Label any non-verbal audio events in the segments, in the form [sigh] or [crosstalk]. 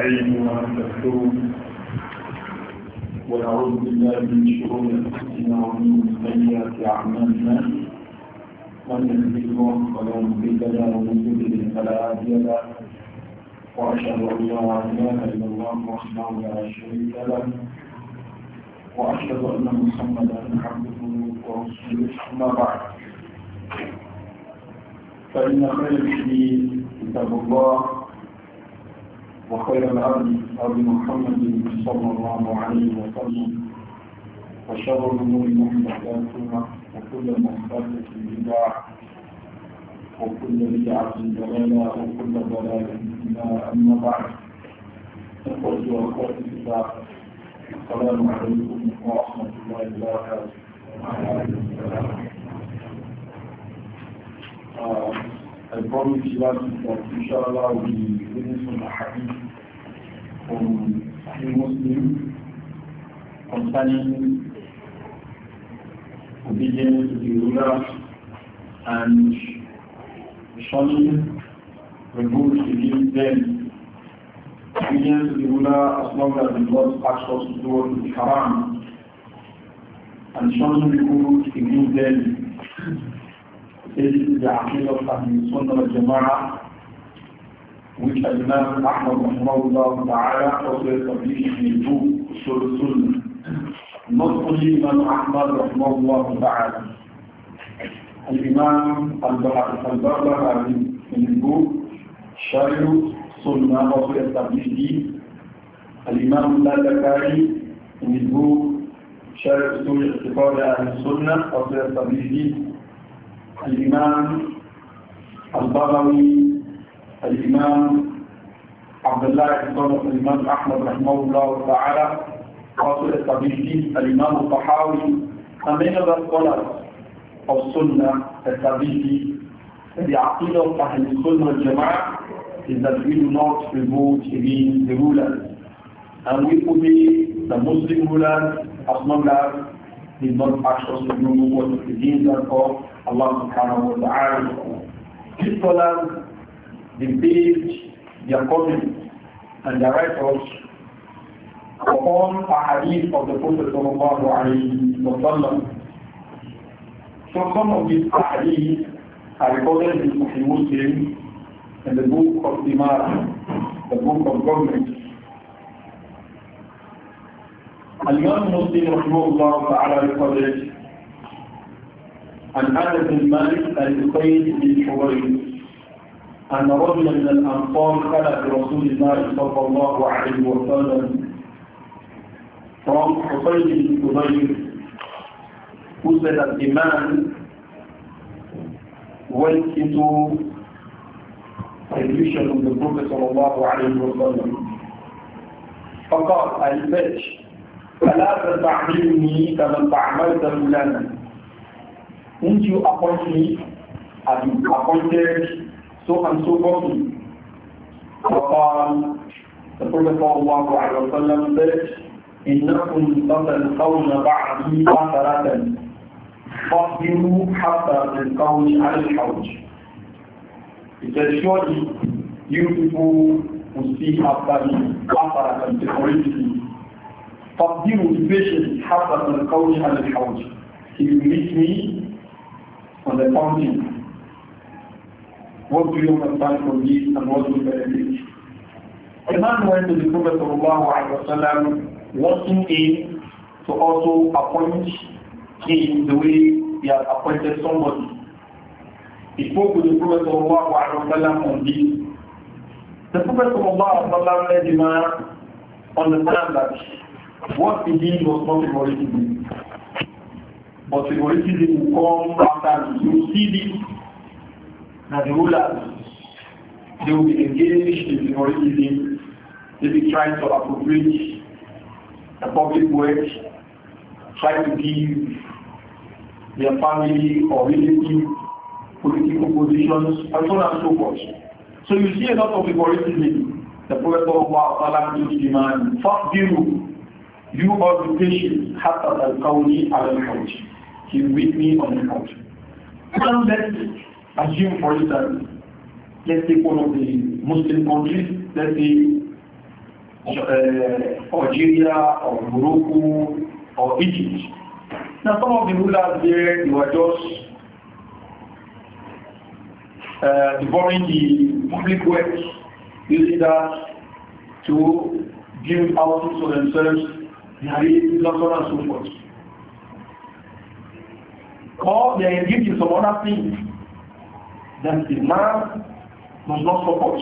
علم ونستغفره ونعوذ بالله من شرور انفسنا ومن سيئات اعمالنا من يهده الله فلا مضل له ومن يضلل فلا هادي له واشهد ان لا اله الا الله وحده لا شريك له واشهد ان محمدا عبده ورسوله اما بعد فان خير الحديث كتاب الله وخير الهدي أبي محمد صلى الله عليه وسلم وشر الامور محدثاتها وكل محدثه بدعه وكل بدعه ضلاله وكل ضلاله اما بعد اخوتي واخواتي في الله السلام عليكم ورحمه الله وبركاته Uh, I promise you that inshallah we نصف الأحاديث في مسلم concerning obedience to the ruler and shunning revolt against them. Obedience to the ruler as long as the Lord asks us to do what is haram and shunning revolt against them. This is the Aqid of Ahlul Sunnah al-Jama'ah which Imam Ahmad Rahmanullah Ta'ala also published in two Usul Sunnah. Not only Imam Ahmad Rahmanullah Ta'ala. Al-Imam Al-Barbahari in his book, Shayu Sunnah also established this. Al-Imam Al-Dakari in his book, Shayu Usul Iqtiqad Al-Sunnah also established this. Al-Imam Al-Barbahari الإمام عبد الله بن صالح الإمام أحمد رحمه الله تعالى قاصر التبيتي الإمام الطحاوي and many أو السنة of Sunnah التبيتي the Aqidah of Ahl Sunnah is that we do not revolt against the rulers and we could be the Muslim rulers as long as he not actually remove what is against that of Allah subhanahu wa ta'ala. These scholars they based their coming and their records upon a hadith of the Prophet sallallahu alayhi So some of these hadith are recorded in Muslim in the book of Imam, the book of government. الإمام مسلم رحمه الله تعالى يقول عن أنس بن مالك عن أسيد بن حويرث أن رجلا من الأنصار خلى برسول الله صلى الله عليه وسلم فرام حسين بن قبير فسد الإيمان والكتاب تدريشاً من الرسول صلى الله عليه وسلم فقال الفتش فلا تستعملني كما تعملت فلانا أنت أقلت أبي أقلت so and so forth. فقال the Prophet صلى الله عليه وسلم إنكم ستلقون بعدي أثرة فاصبروا حتى تلقوني على الحوج He said surely you people will see after me أثرة security فاصبروا be حتى تلقوني على الحوج He will meet me on the mountain what do you understand from this and what will benefit? A man went to the Prophet ﷺ wanting him to also appoint him the way he had appointed somebody. He spoke to the Prophet ﷺ on this. The Prophet ﷺ let the man understand that what he did was not favoritism. But favoritism will come after You see this now rulers, they will be engaged in terrorism, they'll be trying to appropriate the public wealth, try to give their family or relative political positions, and so on and so forth. So you see a lot of favoritism. The Prophet of Allah to demand, you, you are the patient, hatta al-kawni al-kawj. He with me on the couch. Don't let Assume, for instance, let's take one of the Muslim countries, let's say uh, Algeria or Morocco or Egypt. Now, some of the rulers there, they were just uh, devouring the public wealth, using that to build houses for themselves, marriages, and so on and so forth. Or they engage in some other things that the man does not support.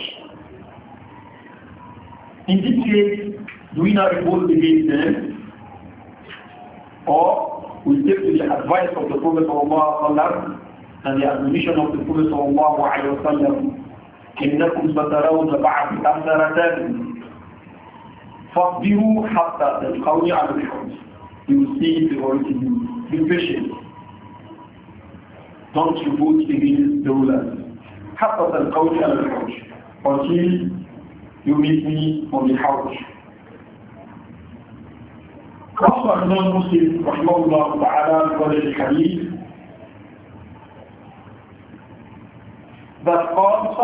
In this case, do we not revolt against them? Or we take to the advice of the Prophet ﷺ and the admonition of the Prophet ﷺ إنكم سترون بعد أثرة فاصبروا حتى تلقوني على الحوض You will see the origin. Be patient don't you vote against the rulers. حفظ القول على الحوج until you meet me on the couch. رحمه الله تعالى بقول الحديث that قال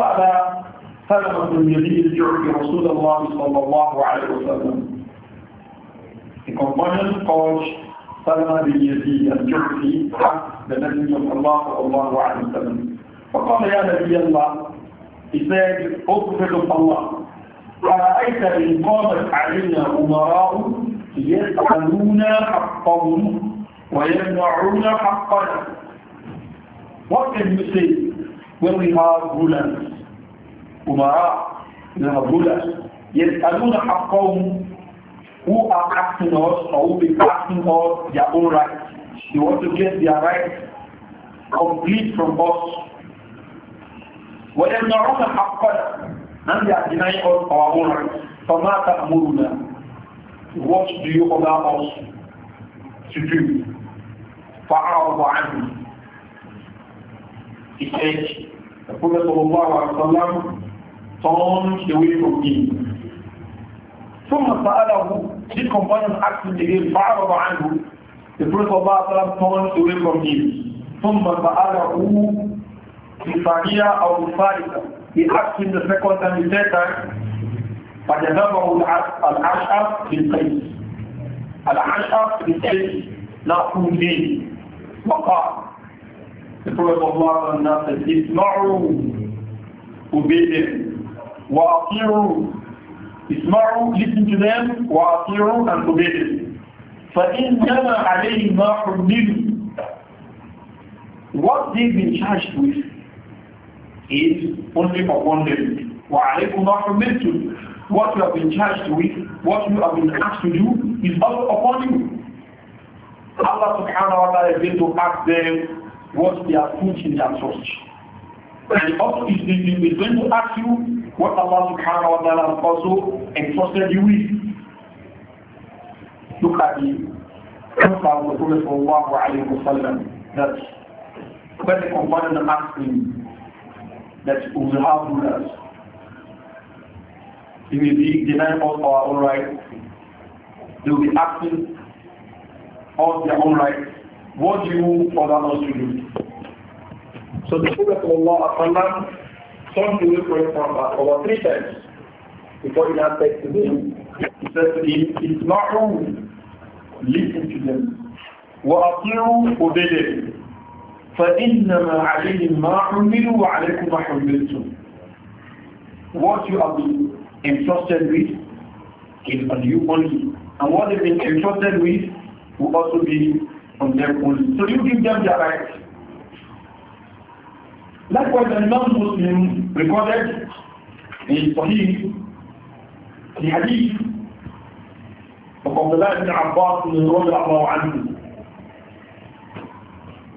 سأل سلمة بن يزيد الجعفي رسول الله صلى الله عليه وسلم The companion called Salman bin Yazid al لنبي الله صلى الله عليه وسلم فقال يا نبي الله إذا اطفئ الله أرأيت إن قامت علينا أمراء يسألون حقهم ويمنعون حقنا What can you say when we have rulers? Umara, we have rulers. يسألون حقهم who are asking us or who will be asking us their own rights. They want to get their rights complete from us. وَيَمْنَعُونَ حَقَّنَا And they are denying us our own rights. فَمَا تَأْمُرُنَا What do you allow us to do? فَعَرَضَ عَنْهُ He said, the Prophet ﷺ turned away from him. ثم سأله, his companion asked him again, فَعَرَضَ عَنْهُ the Prophet Allah turned away from him. ثم فعله بفارية أو بفارقة. He asked him the second time, he said that فجذبه الأشعر بالقيس. الأشعر بالقيس لا تنزيل. وقال The Prophet of Allah said, اسمعوا obey them. وأطيعوا اسمعوا listen to them وأطيعوا and obey them. فإنما عليه ما حمله What they've been charged with is only upon them. وعليكم ما حملتم What you have been charged with, what you have been asked to do is also upon you. Allah subhanahu wa ta'ala is going to ask them what they have put in their trust. And also is going to ask you what Allah subhanahu wa ta'ala has also entrusted you with look at the khutbah of the Prophet sallallahu alayhi wa sallam that when the companion asked him that we will to us, he will be denying us our own right. they will be acting on their own right. What do you order us to do? So the Prophet sallallahu alayhi wa sallam to away for him over three times before he now said to him, he said to him, it's not wrong listen to them. وأطيعوا obey فإنما عليهم ما حملوا وعليكم ما حملتم. What you are been entrusted with is on you only. And what they've been entrusted with will also be on them only. So you give them the right. Likewise, the non-Muslim recorded in Sahih the hadith وقبل الله بن عباس رضي الله عنه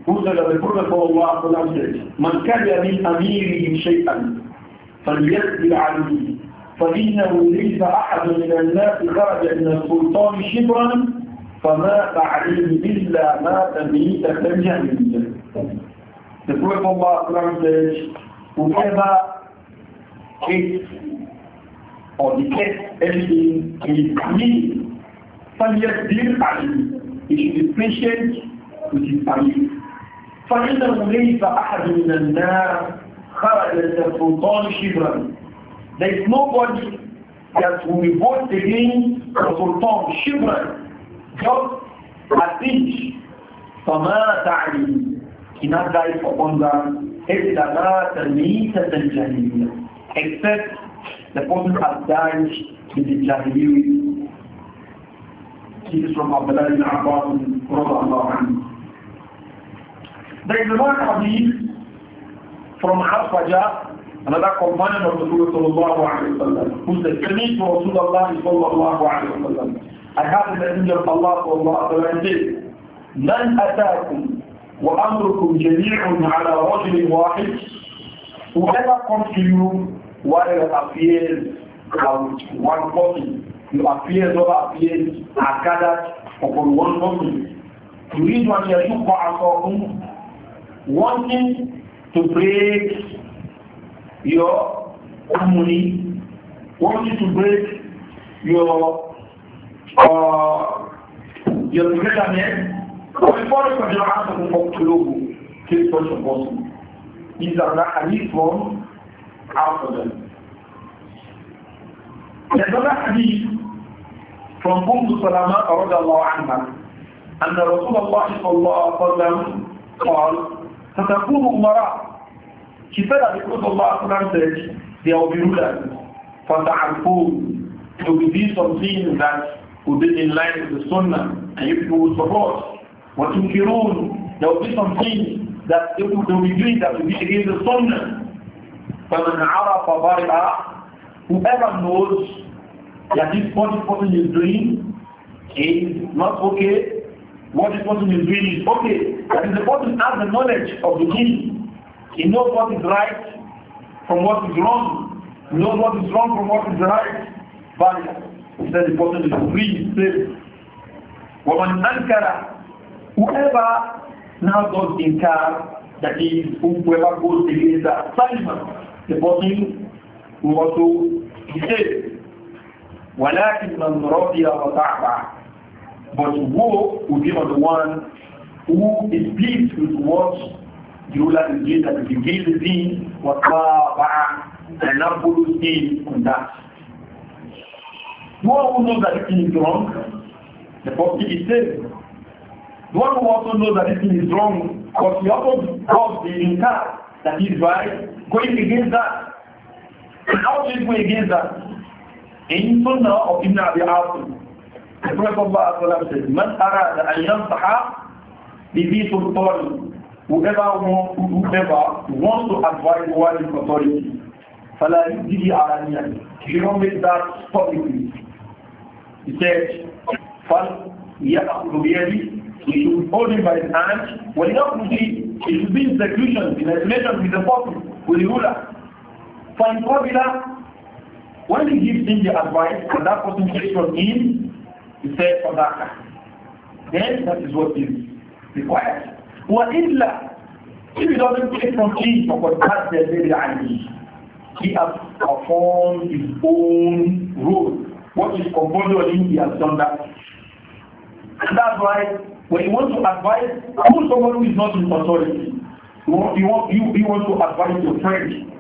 أرسل الرسول صلى الله عليه وسلم من كان من أميره شيئا فليسأل عنه فإنه ليس أحد من الناس خرج من السلطان شبرا فمات عليه إلا مات ميتة جهنمية Después Allah grandes, whoever hates or detests anything is mean فليكبر عليه He should be patient فإنه ليس أحد من النار خرج السلطان شبرا There is nobody that will be born again the Sultan just as each فما تعلم He not died for wonder إلا لا the الجاهلية except the person has died in the Jahiliyyah hadith from Abdullah ibn Abbas There is one hadith from Hafaja, another companion of the Prophet who said, Permit to Rasulullah sallallahu alayhi wa sallam, I have the Messenger of Allah sallallahu alayhi wa sallam من أتاكم وأمركم جميع على رجل واحد Whoever comes to you, whatever appears as one person, You appeared over appeared are gathered upon one moment. You read what you are wanting to break your harmony, wanting to break your uh, your togetherness. But before you continue asking for Kulubu, take such a person. These are not hadith from after them. There's another hadith from Umm Salama radiallahu anha أن رسول الله صلى الله عليه وسلم قال ستكون أمراء She said that because Allah said there will be rulers for it will be something that will be in line with the sunnah and if you will support what you kirun there will be some things that they will be doing that will be against the sunnah فمن عرف برئ whoever knows that this what person is doing is not okay, what this person is doing is okay. That is the person has the knowledge of the king. He knows what is right from what is wrong. He knows what is wrong from what is right. But he said the person is free, safe. "Woman Ankara, Whoever now does inkar, that is, whoever goes against the assignment, the person who also to saved. Walakin man radiya wa ta'ba. But who would be the one who is pleased with what the ruler is doing that is against the deen wa ta'ba and not follows in on that. The one who knows that this thing is wrong, the public is saved. The one who also knows that this thing is wrong, because he also calls the inkar that is right, going against that. And how do you go against that? in Sunnah of Ibn Abi Asim, the Prophet ﷺ said, Man arada an yansaha bibi sultani, whoever, whoever wants to advise one in authority, فَلَا يُبْدِهِ He don't make that publicly. He said, فَلْيَأْخُذُ بِيَدِهِ He should hold him by his hand. وَلِيَأْخُذُ بِهِ He should be in seclusion, in isolation with the Prophet, with the ruler. in قَبِلَ when he gives him the advice and that person takes from him, he says that, Then that is what is required. وَإِلَّا If he doesn't take from him, فَقَدْ the الْبِرِ عَلِهِ he has performed his own role. What is composed in him, he has done that. And that's why when you want to advise who someone who is not in authority, you want, you want, you, you want to advise your friend.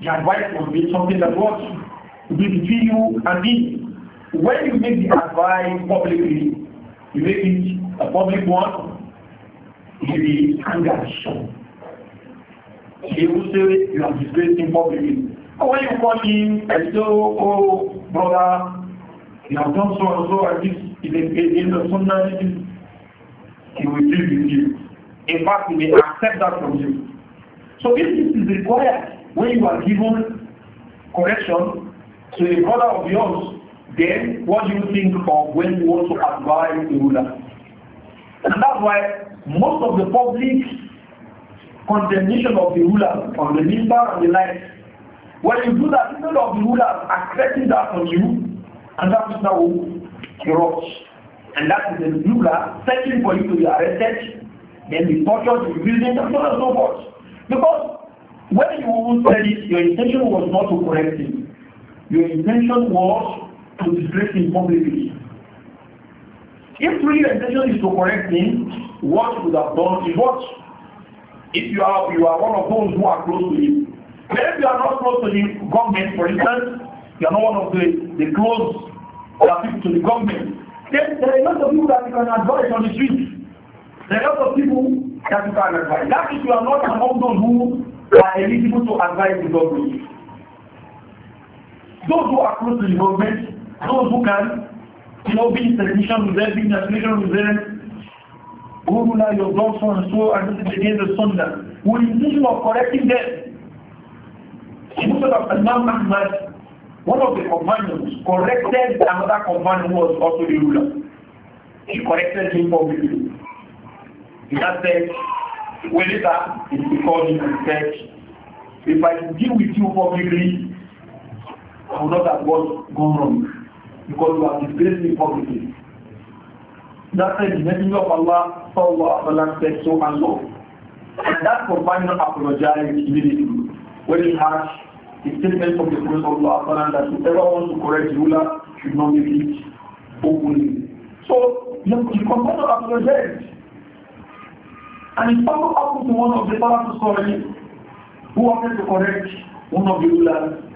The advice must be something that works. with you and me. When you make the advice publicly, you make it a public one, you will be angered. He will say you are disgracing publicly. And when you call him and say, oh, oh, brother, you have done so and so, and this is in the sunnah, he will deal with you. In fact, he may accept that from you. So if this is required when you are given correction, to a brother of yours, then what do you think of when you want to advise the ruler? And that's why most of the public condemnation of the ruler, on the minister and the like, when you do that, even of the ruler accepting that on you, and that is now corrupt. And that is the ruler searching for you to be arrested, then be tortured, be imprisoned, and so on and so forth. Because when you said it, your intention was not to correct him. Your intention was to disgrace him publicly. If really your intention is to correct him, what would have done is what? If you are you are one of those who are close to him. But if you are not close to the government, for instance, you are not one of the, the close people to the government, then there are a lot of people that you can advise on the street. There are a lot of people that you can advise. That is, you are not among those who are eligible to advise the government. Those who are close to the government, those who can, you know, be in technician with them, be in affiliation with them, Urula, your God, so and so, and this is against the Sunnah. With intention of correcting them. In Muslim of Imam Ahmad, one of the companions corrected another companion who was also the ruler. He corrected him publicly. He had said, well, later, he called him and said, if I deal with you publicly, I will not have what gone wrong because you have disgraced me publicly. That said, the Messenger of Allah sallallahu alaihi said so and so. And that companion apologized immediately when it had the statement from the Prophet sallallahu alaihi that whoever wants to correct the ruler should not make it openly. So the, the companion apologized. And it also happened to one of the Salafis already who wanted to correct one of the rulers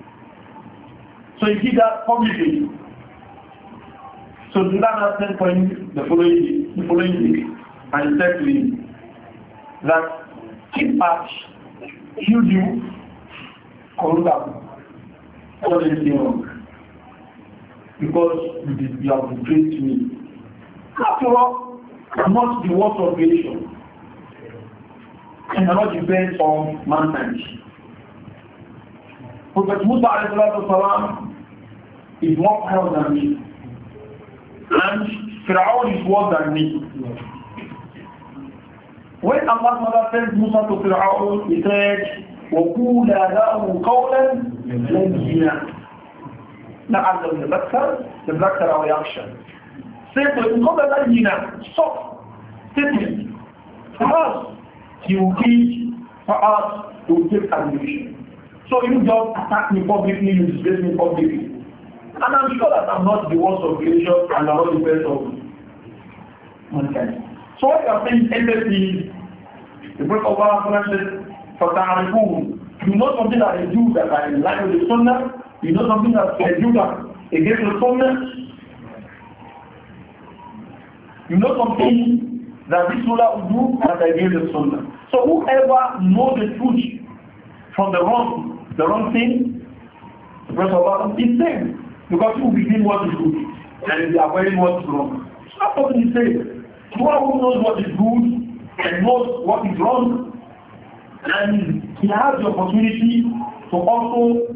So he did that publicly. So the has sent for him the following the following day and said to him that keep back, you do, Koruga, what is wrong? Because you, did, you have betrayed me. After all, I'm not the worst of creation. And I'm not the best of mankind. Prophet Musa alayhi salatu is more pious than me. And Fir'aun is worse than me. When Allah Ta'ala sent Musa to Fir'aun, he said, وَقُولَا لَهُ قَوْلًا لَنْجِيَا لعل يذكر يذكر أو يخشى سيكون قبل لينا صف statement for us he will teach for us he will take admission so you just attack me publicly you disgrace me publicly And I'm sure that I'm not the worst of creation and I'm not the best of mankind. So what are saying, empathy, the break of our friendship, for Tariqun, you know something that is Jew that are in line with the Sunnah, you know something that is Jew that against the Sunnah, you know something that this ruler will do that against the Sunnah. So whoever knows the truth from the wrong, the wrong thing, the breath of Allah is saved. Because you begin what is good and you are wearing what is wrong. It's not what he says. One who knows what is good and knows what is wrong, and he has the opportunity to also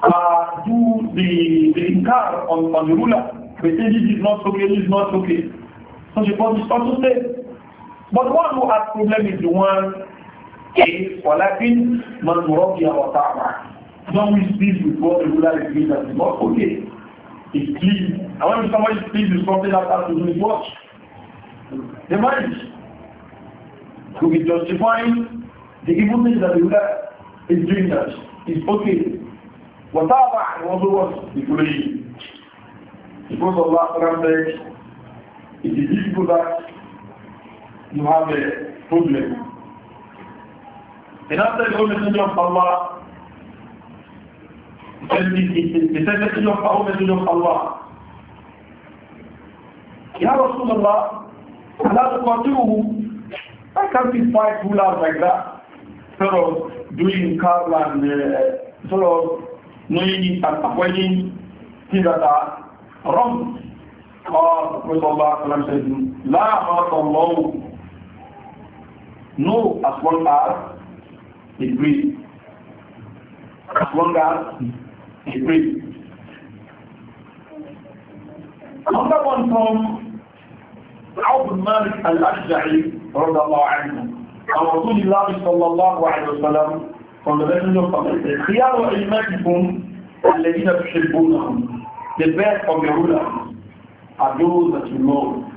uh, do the, the inkar on, on the ruler. They say this is not okay, this is not okay. So the Prophet to say. but one who has problem is the one is, وَلَكِنْ مَنْ مُرَبِّيَ وَتَعْمَعَ Don't we speak with God regularly things that is not okay. It's clean. And when somebody speaks with something that has to do with what? The marriage. Could be justifying the evil things that the ruler is doing that. It's okay. وطابع وضوط بكليه Because Allah says, it is difficult that you have a problem. In other the Messenger of Allah بسبب يقع أمة يقع الله Allah رسول الله ألا تقاطعه I can't be five rulers like that sort of doing car and uh, sort of knowing and avoiding things that are wrong or with Allah says La Allah No as long as it breathes. As long as degree. Another one from Abu Malik al-Ashja'i, radiallahu anhu, and Rasulullah sallallahu alayhi wa sallam, from the Messenger of Allah, The best of your rulers are those that you know.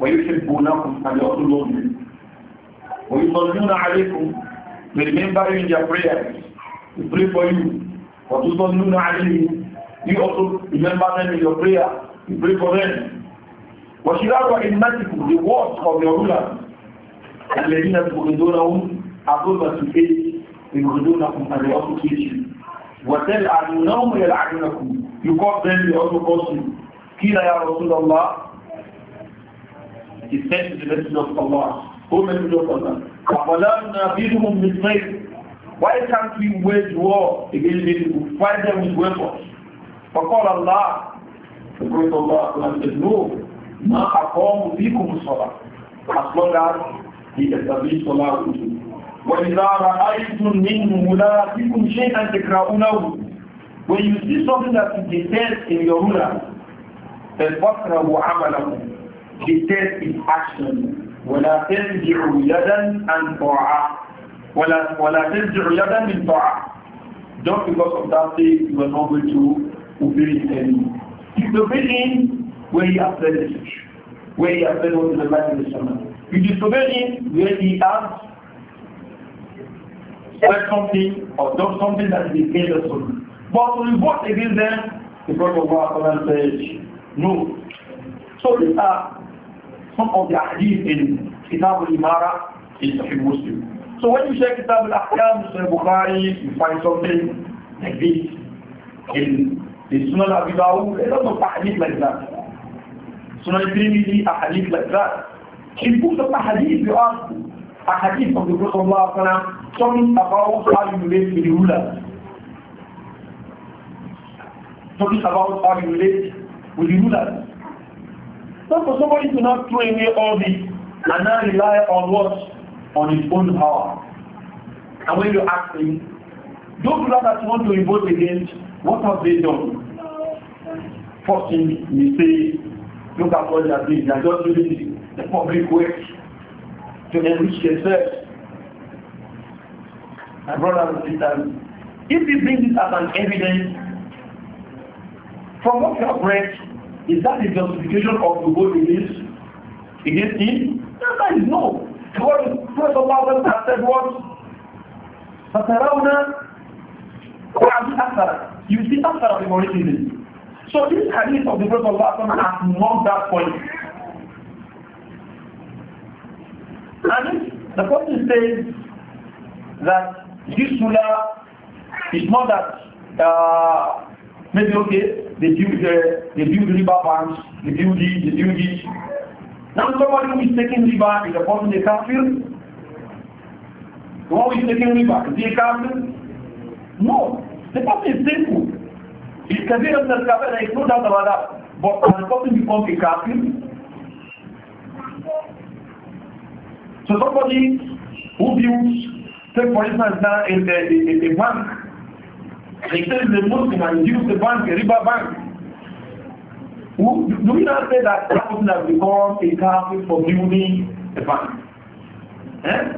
ويحبونكم and you also know them. ويصلون عليكم. They remember you in their prayers. They pray for you. What is not known Ali, you also remember them in your prayer. You pray for them. in إِمَّتِكُمْ The words of your ruler. الَّذِينَ تُبْغِدُونَهُمْ أَقُلْمَ تُفِيدِ يُبْغِدُونَهُمْ And they also teach you. وَتَلْعَدُونَهُمْ يَلْعَدُونَكُمْ You call them, they also call you. Kila ya رَسُولَ He It sent to the message of Allah. Who message of Allah? أَفَلَا نَبِيدُهُمْ بِالْخَيْرِ Why can't we wage war against them, people? Fight them with weapons. فقال الله The Prophet Allah said, No, ما أقام بكم الصلاة As long as he established Salah with you. وإذا رأيتم من ملاككم شيئا تكرهونه When you see something that is detest in your ruler, فَاكْرَهُ عَمَلَكُمْ Detest his action. وَلَا تَنْزِعُوا يَدًا أَنْ طَاعَةً وَلَا تَنْزِعُ يَدًا مِنْ طَعَةٍ Just because of that thing, you are not going to obey Him." any. You disobey him where he has said it, where he has said what is the right of the sermon. You disobey him where he has said something or done something that is dangerous the sermon. But to revolt against them, the Prophet of Allah says, no. So these are some of the hadith in Kitab al-Imara in Sahih Muslim. So when you check Kitab al-Ahkam, Sahih Bukhari, you find something like this. In the Sunan Abu Dawud, a lot of ahadith like that. Sunan Tirmidhi, hadith like that. In books of ahadith, you ask a hadith of the Prophet Allah, talking about how you relate with the ruler. Talking about how you relate with the ruler. So for somebody to not throw away all this and not rely on what on his own power. And when you ask him, those people that want to revolt against, what have they done? First thing you say, look at what they are doing. They are just doing the public work to enrich themselves. My brothers and sisters, if you bring this as an evidence, from what you have read, is that the justification of the whole against, against him? The answer is no. The Prophet Allah said what? فَتَرَوْنَ وَعَدُ أَثَرَ You see أَثَرَ in originally. So this hadith of the Prophet Allah has not that point. And the Prophet says that this surah is not that uh, maybe okay, they build, the they build river banks, they build this, they build this, Now somebody who is taking riba is a person a kafir? The one who is taking riba, is he a kafir? No. The person is sinful. He's kafir and kafir, there is no doubt about that. But can the person become a kafir? So somebody who builds, take for instance now in the, in the bank, he says the Muslim and use the bank, a riba bank, Do we not say that that person has become a kafir for building a bank? Eh?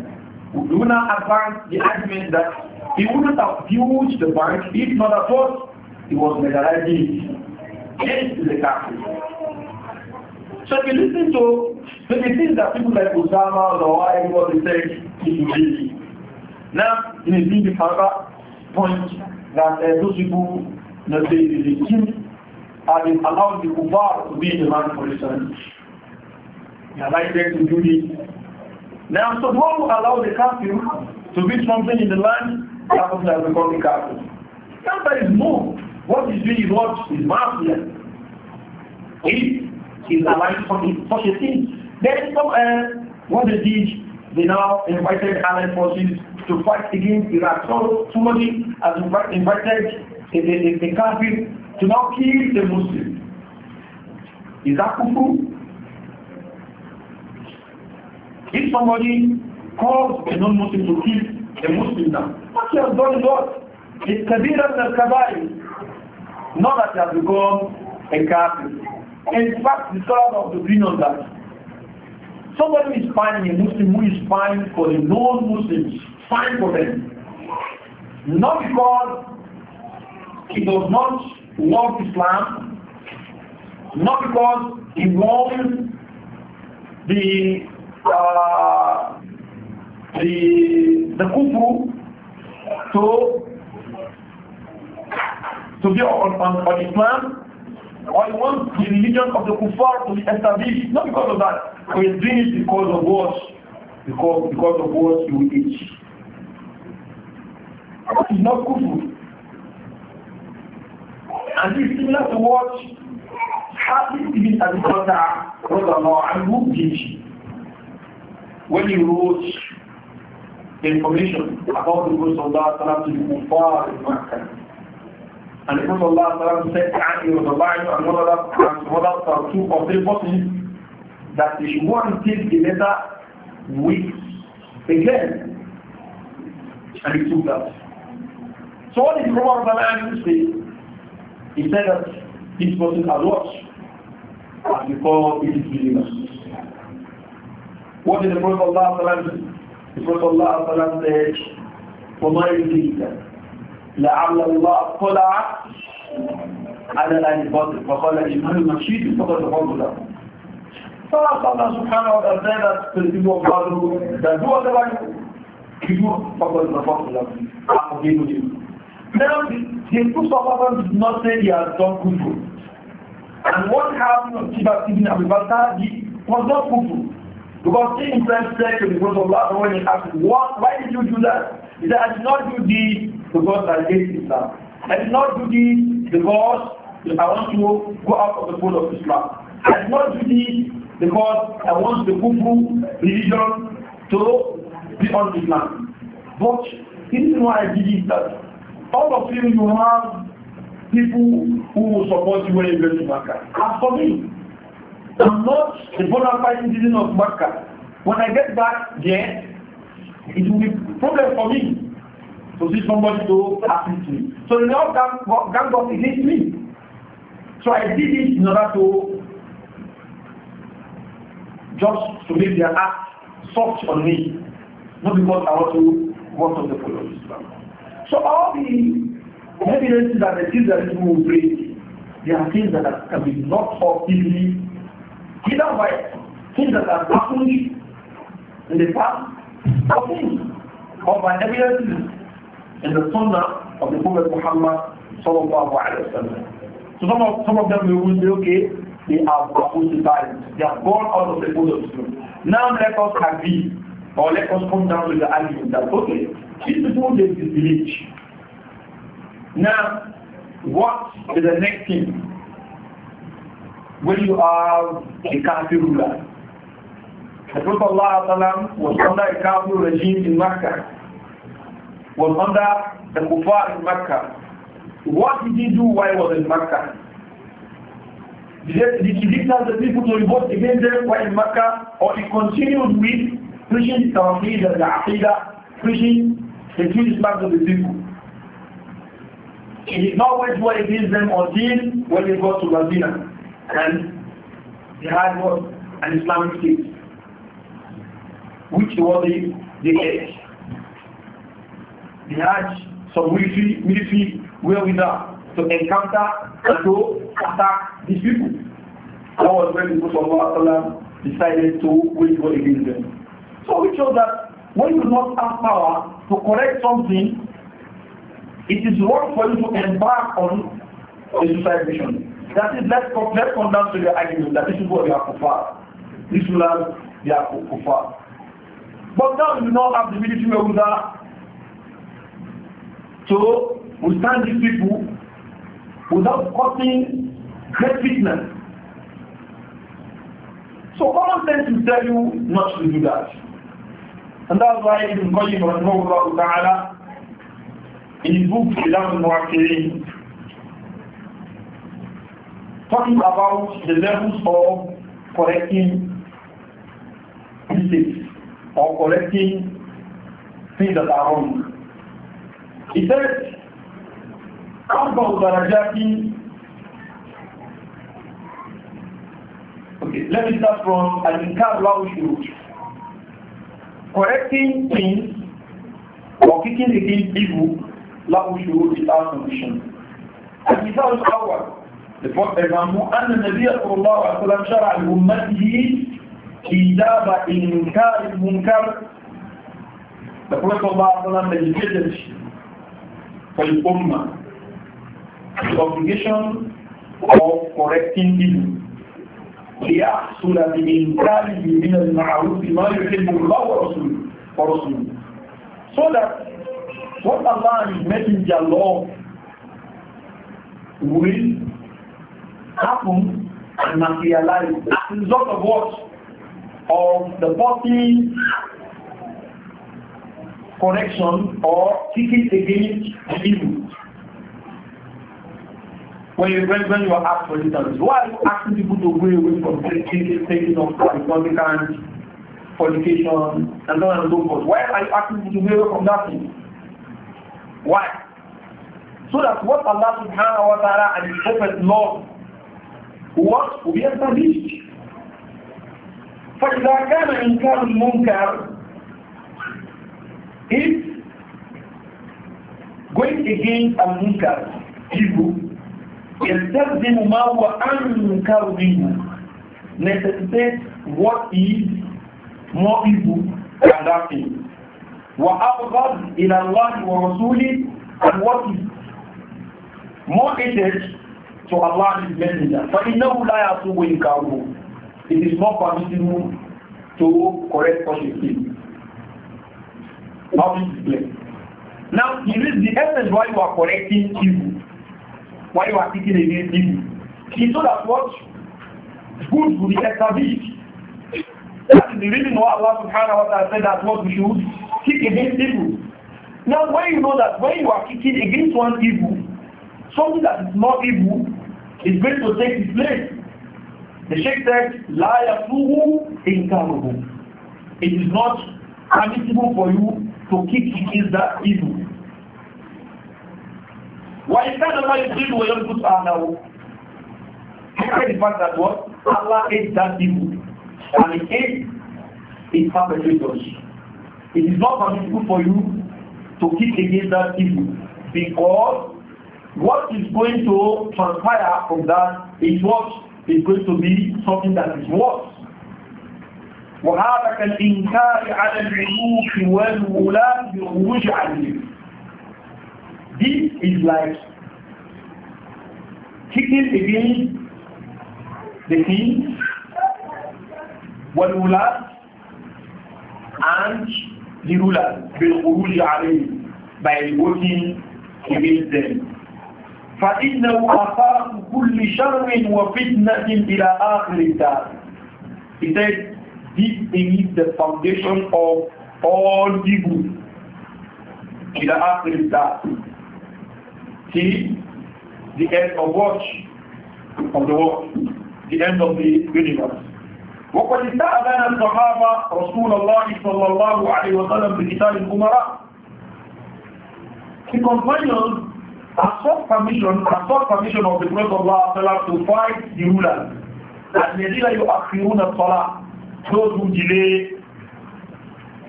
Do we not advance the argument that he wouldn't have built the bank if not at all he was legalizing it? Yes, the kafir. So if you listen to so the things that people like Osama or everybody said is really. Now, in a big point that uh, those people you know, they, they, they have been allowed the kuffar to be the land for instance. They are like them to do this. Now, so one who allows the kafir to be something in the land, that person has become the kafir. Kafir is no. What is doing is what is mafia. He is allowing for such a thing. Then some, uh, what they did, they now invited allied forces to fight against Iraq. So somebody has invited a, a, a, a kafir to not kill a Muslim. Is that kufu? If somebody calls a non-Muslim to kill a Muslim now, what he has done is what? It's Kabira al Kabari. Not that he has become a Kafir. In fact, the scholars of the opinion that somebody is fine a Muslim who is fine for the non-Muslims, fine for them. Not because he does not loves Islam not because he wants the uh, the the kufru to to be on, on, on Islam or he wants the religion of the kuffar to be established not because of that He he's doing it because of what because because of what you teach. that is not kuffar. And this is similar to what happened brother law and who did when he wrote the information about the Prophet to the Kuffar in Makkah. And the Prophet said that he was alive and what other, and other two or three persons that they should go and take the letter with again. And he took that. So what did the Prophet say? He said that this person has watched and before it is believers. What did the Prophet Allah do? The Prophet Allah said, وَمَا يُدِيكَ لَعَلَّ اللَّهَ طَلَعَ على الآن الباطل فقال الإيمان المشيد فقد الفضل له فقال الله سبحانه وتعالى تلتدوا الباطل تدوا تبعي كدوا فقد الفضل له أقدموا Now the, the two did not say he has done good kufr. And what happened of Tiba Ibn Abi he was not kufr. Because he himself said to the Prophet of Allah when he asked, what, why did you do that? He said, I did not do this because I hate Islam. I did not do this because I want to go out of the fold of Islam. I did not do this because I want the kufru religion to be on Islam. But the reason why I did it that all of you, you have people who will support you when you get to Makkah. As for me, I'm not a bona fide citizen of Makkah. When I get back there, it will be a problem for me to see somebody to assist me. So they all gang, gang up against me. So I did it in order to just to make their act soft on me, not because I want to want to the police. So all the evidences that the Israelis will bring, they are things that can be not thought easily, either way, things that have happened in the past, or things, or by evidences in the Sunnah of the Prophet Muhammad sallallahu alaihi wasallam. So some of, some of them will say, okay, they have apostatized, they have gone out of the fold Now let us agree, or let us come down to the argument that, okay, These did they disbelieve. Now, what is the next thing? When you are a kafir ruler, the Prophet Allah was under a kafir regime in Makkah. was under the kuffar in Makkah What did he do while he was in Makkah? Did he tell the people to revolt against them while in Makkah, or he continued with preaching the Tawheed and the Aqidah, preaching they give Islam to the people. It is not wait for against them until when they got to Medina and they had what an Islamic state, which was the the edge. He had some military military are to encounter and to attack these people. That was when the Prophet decided to wait for against them. So we show that When you do not have power to correct something, it is wrong for you to embark on a suicide mission. That is, let's, let's come down to the argument that this is what you are kufar. This will have the are But now you do not have the military wherewithal. So we stand these people without causing great fitness. So common sense will tell you not to do that. And that's why Ibn Qayyim Rahmahullah Ta'ala, in his book, Ilam Mu'akirin, talking about the levels of correcting mistakes or correcting things that are wrong. He said, أربع درجات Okay, let me start from Al-Inkar Law Shurut. correcting things or kicking against people, evil, lahu shurud without condition. المثال the لفرق الإمام أن النبي صلى الله عليه وسلم شرع لأمته إيجاب إنكار المنكر لفرق الله عليه وسلم legislated for the Ummah the obligation of correcting evil ليحصل بإمكانه من المعروف ما يحب الله ورسوله ورسوله so that what Allah is making Messenger love will happen and materialize as a result of what? Of the party connection or ticket against evil. When you when, when you are asked for details, why are you asking people to go away from taking taking of Republicans, fornication, and so on and so forth? Why are you asking people to go away from that thing? Why? So that what Allah subhanahu wa ta'ala and his prophet love what will be established. فإذا كان إنكار المنكر is going against a munkar evil يستخدم ما هو أنكر منه necessitate what is more evil than that thing. وأبغض إلى الله ورسوله and what is more hated to Allah and His Messenger. فإنه لا يصوب إنكاره. It is more permissible to correct such a thing. How is it Now, it is the essence why we are correcting evil. why you are speaking against him. He so that what good will be established. That is the reason why Allah subhanahu wa ta'ala said that what we should kick against evil. Now when you know that when you are kicking against one evil, something that is not evil is going to take its place. The Sheikh said, La yasuhu inkaruhu. It is not permissible for you to kick against that evil. وإن كان الله يجيب ويمكث أهله Despite the fact that what? Allah hates that evil. And it hates its perpetrators. It is not permissible for you to kick against that evil. Because what is going to transpire from that is what is going to be something that is worse. وهذا كالإنكار على العلوك والولاة بالخروج عنهم This is like kicking against the king, والولاة and the ruler بالخروج عليه by voting against them. فإنه أثار كل شر وفتنة إلى آخر الدار. He said, this is the foundation of all evil. إلى آخر الدار. See the end of watch Of the world. The end of the universe. وقد استأذن الصحابة رسول الله صلى الله عليه وسلم بقتال الأمراء The companions have sought permission, have sought permission of the Prophet of Allah to fight the rulers. الذين يؤخرون الصلاة those who delay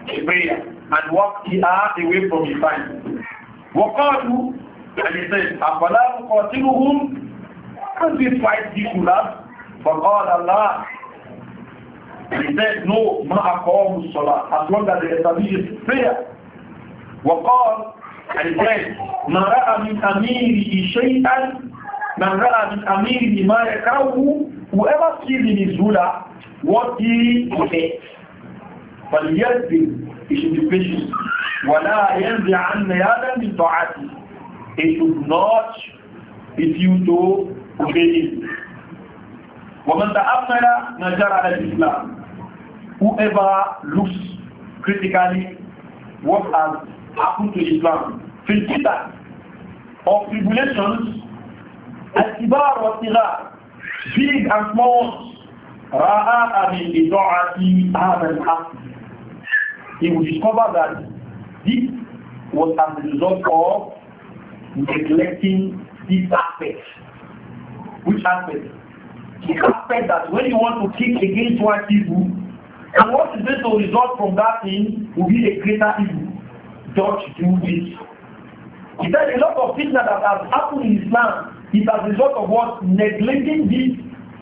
prayer and walk the earth away from the time. وقالوا And he said, أَفَلَا مُقَاتِلُهُمْ Can't we fight these mullahs? فَقَالَ اللَّهُ He said, no, مَا أَقَوْمُ الصَّلَاةِ As long as they establish prayer. وَقَالَ And he said, مَا رَأَ مِنْ أَمِيرِهِ شَيْئًا مَنْ رَأَ مِنْ أَمِيرِهِ مَا يَكْرَوْهُ Whoever sees in his ruler what he hates, فَلْيَذْبِرْ He should be patient. وَلَا يَنْزِعَنَّ يَادًا مِنْ طَاعَتِهِ It should not refuse to obey it. وَمَنْ تَأَمَّلَ نَجَرَ عَلَى Islam. Whoever looks critically what has happened to Islam, feel bitter of tribulations, atibar wa big and small ra'a min idu'ati hadha al-haq he will discover that this was as a result of neglecting this aspect. Which aspect? The aspect that when you want to kick against one evil, and what is going to result from that thing will be a greater evil. Don't do this. He said a lot of things that has happened in Islam is as a result of what? Neglecting this,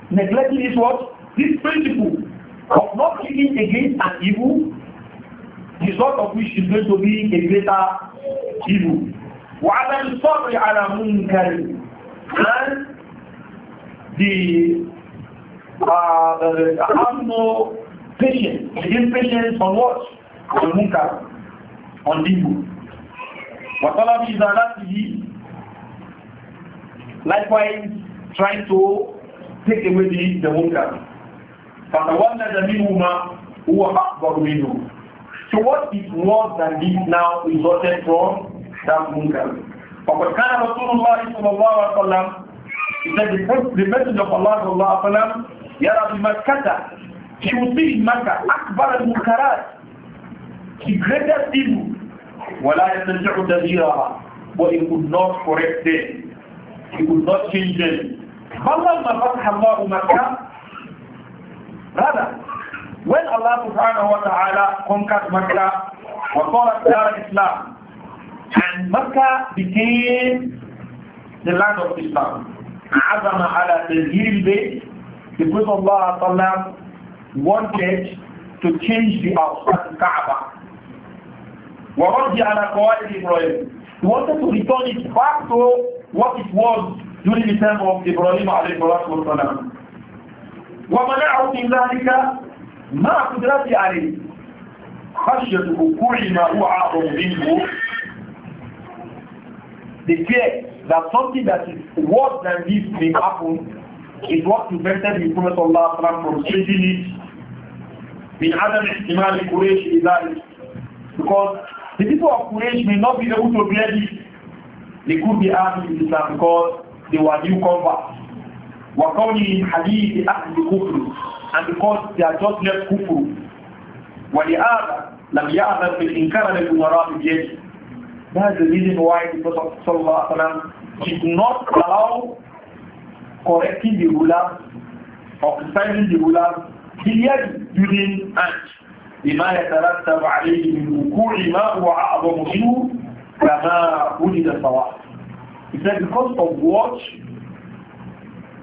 neglecting this what? This principle of not kicking against an evil, the result of which is going to be a greater evil. وعلى الصبر على منكر and the uh, the have no patience, the impatience on what? On munkar, on evil. وطلب إزالته likewise trying to take away the, the munkar. فتولد منهما هو أكبر منه. So what is more than this now resulted from that munkar. وقد كان رسول الله صلى الله عليه وسلم said the message of Allah صلى الله عليه وسلم يرى بمكة he would see in Mecca أكبر المنكرات the greatest evil ولا يستطيع تغييرها but he could not correct them he could not change them فلما فتح الله مكة rather when Allah subhanahu wa ta'ala conquered Mecca وصارت دار الإسلام And Mecca became the land of Islam. عزم على تغيير البيت The Prophet Allah wanted to change the outside Kaaba. ورد على قواعد إبراهيم He wanted to return it back to what it was during the time of Ibrahim عليه الصلاة والسلام. ومنعه من ذلك ما قدرته عليه خشية وقوع ما هو أعظم منه the fear that something that is worse than this may happen is what prevented the Prophet Allah from stating it in Adam Ihtimal Quraysh Izal. Because the people of courage may not be able to bear this. They could be armed in Islam because they were new converts. وقولهم حديث أهل كفر and because they are just left كفر ولهذا لم يأذن بالإنكار للأمراء بيده That's the reason why the Prophet ﷺ did not allow correcting the ruler or criticizing the ruler clearly during Hajj. لما يترتب عليه من وقوع ما هو أعظم منه كما ولد الصواب. He said because of what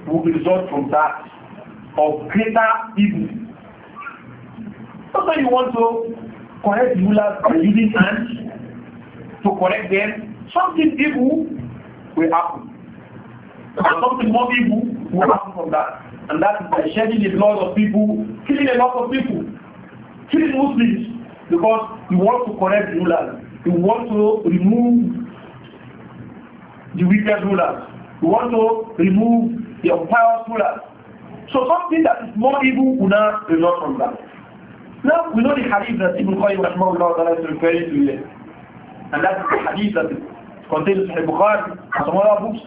will result from that of greater evil. So, why you want to correct rulers by using hands to correct them, something evil will happen. And something more evil will happen from that. And that is by shedding the blood of people, killing a lot of people, killing Muslims, because you want to correct the rulers. You want to remove the wicked rulers. You want to remove the impious rulers. So something that is more evil will not result from that. Now, we know the hadith that Ibn Qayyim Rahmahullah is referring to here. and that is the hadith that is contained in Sahih Bukhari and some other books.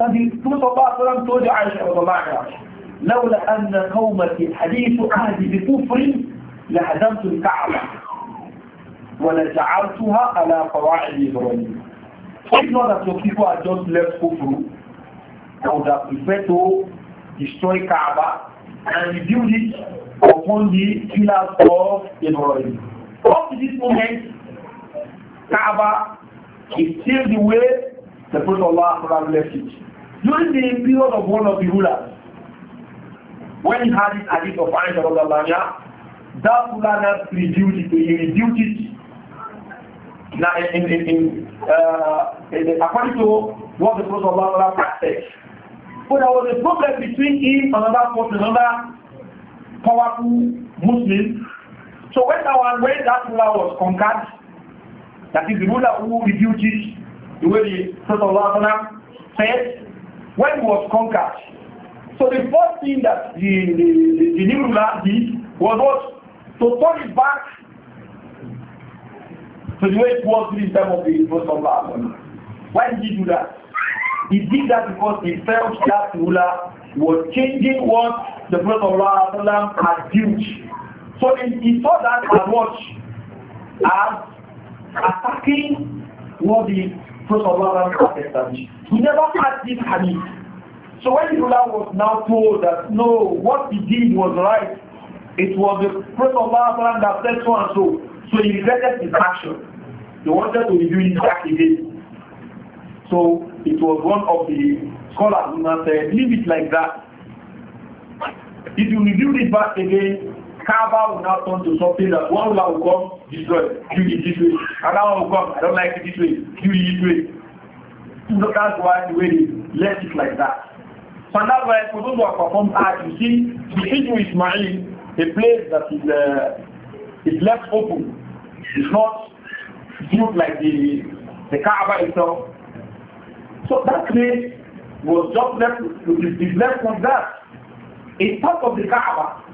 And the Prophet sallallahu alayhi wa sallam told Aisha radallahu anha, لولا أن قومتي حديث أهلي بكفر لهدمت الكعبة ولجعلتها على قواعد إبراهيم. It's not that your people are just left kufru, I would have preferred to destroy Kaaba and rebuild it upon the pillars of Ibrahim. Up to this moment, Kaaba is still the way the Prophet Allah left it. During the period of one of the rulers, when he had this hadith of Aisha Radhalanya, that ruler not reviewed it, he reviewed it. Now, in, in, in, uh, in, according to what the Prophet Allah practiced. But there was a problem between him and another person, another powerful Muslim. So when our when that ruler was conquered, That is the ruler who reviewed it, the way the Prophet Allah said, when he was conquered. So the first thing that the, the, the, the new ruler did was what? To turn it back to the way it was during the time of the Prophet Allah. Why did he do that? He did that because he felt that ruler was changing what the Prophet Allah had built. So he, he saw that as what? As attacking what the Prophet established. He never had this hadith. So when the was now told that no, what he did was right, it was the Prophet that said so and so. So he regretted his action. He wanted to review his again. So it was one of the scholars who said, leave it like that. If you review it back again, Kaaba will not turn to something that one will come, destroy, you it this way. Another one will come, I don't like it this way, do it this way. So that's why the way they left it like that. So now why for those who have performed art, you see, the issue is Ismail, a place that is, uh, is left open. is not built like the, the Kaaba itself. So that place was just left, it is left like that. It's part of the Kaaba.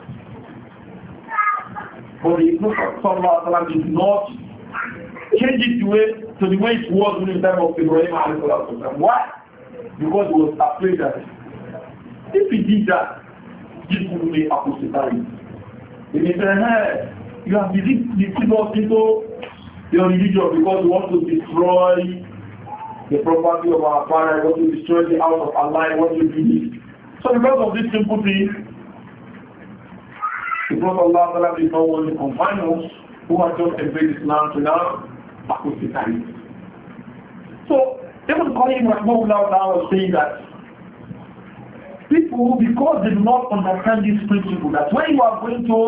But the Prophet Sallallahu Alaihi did not change it to, it, to the way it was during the time of Ibrahim Alayhi Why? Because he was afraid that if he did that, this would be apostatized. He may say, hey, you have deceived the people, people, your religion because you want to destroy the property of our father, you want to destroy the house of Allah, you want to do So because of this simple thing, The Prophet Allah before was the companions who had just embraced Islam to now back with the apostatized. So Ibn Qayyim Rahmahullah now was saying that people, because they do not understand this principle, that when you are going to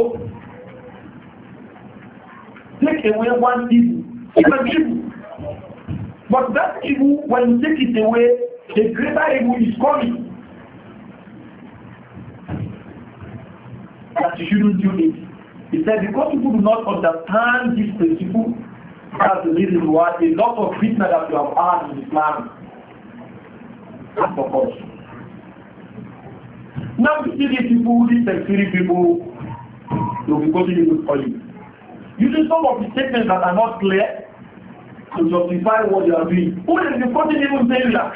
take away one evil, it's an evil. But that evil, when you take it away, a greater evil is coming. that you shouldn't do it. He said, because people do not understand this principle, that's the reason why a lot of fitna that you have had in Islam has occurred. Now you see these people, these security people, they will be continuing with you. Using some of the statements that are not clear to justify what they are doing. Who is the person even saying that?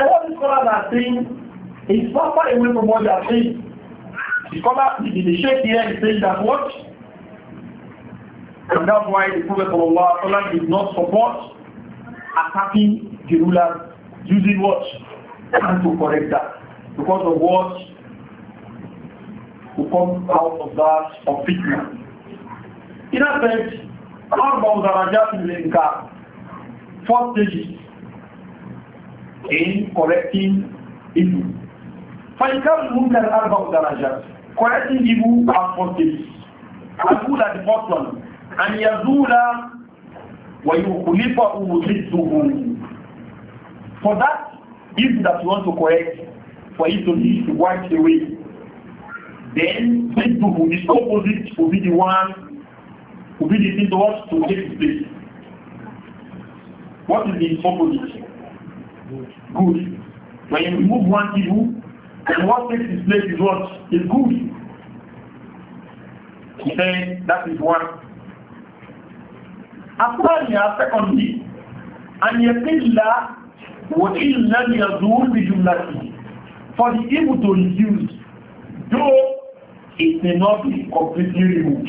So what the scholars are saying is far, far away from what they are saying. The scholar, the, the Sheikh here is saying that what? And that's why the Prophet Allah did not support attacking the rulers using what? And to correct that. Because of what will come out of that of fitna. In effect, Arba'u Darajat in Inkar, four stages in correcting evil. فإنكار المنكر أربع درجات correcting evil and positive, as good as the first one, and yazula وَيُخْلِفَهُ ضِدُّهُ For that if that you want to correct, for it to be wiped away, then ضِدُّهُ, its opposite, will be the one, will be the thing to us to take place. What is the opposite? Good. When you remove one evil, and what takes its place is what? is good. He said, that is one. الثانية secondly and أن يقل وإن لم يزول بجملته for the evil to reduce though it may not be completely removed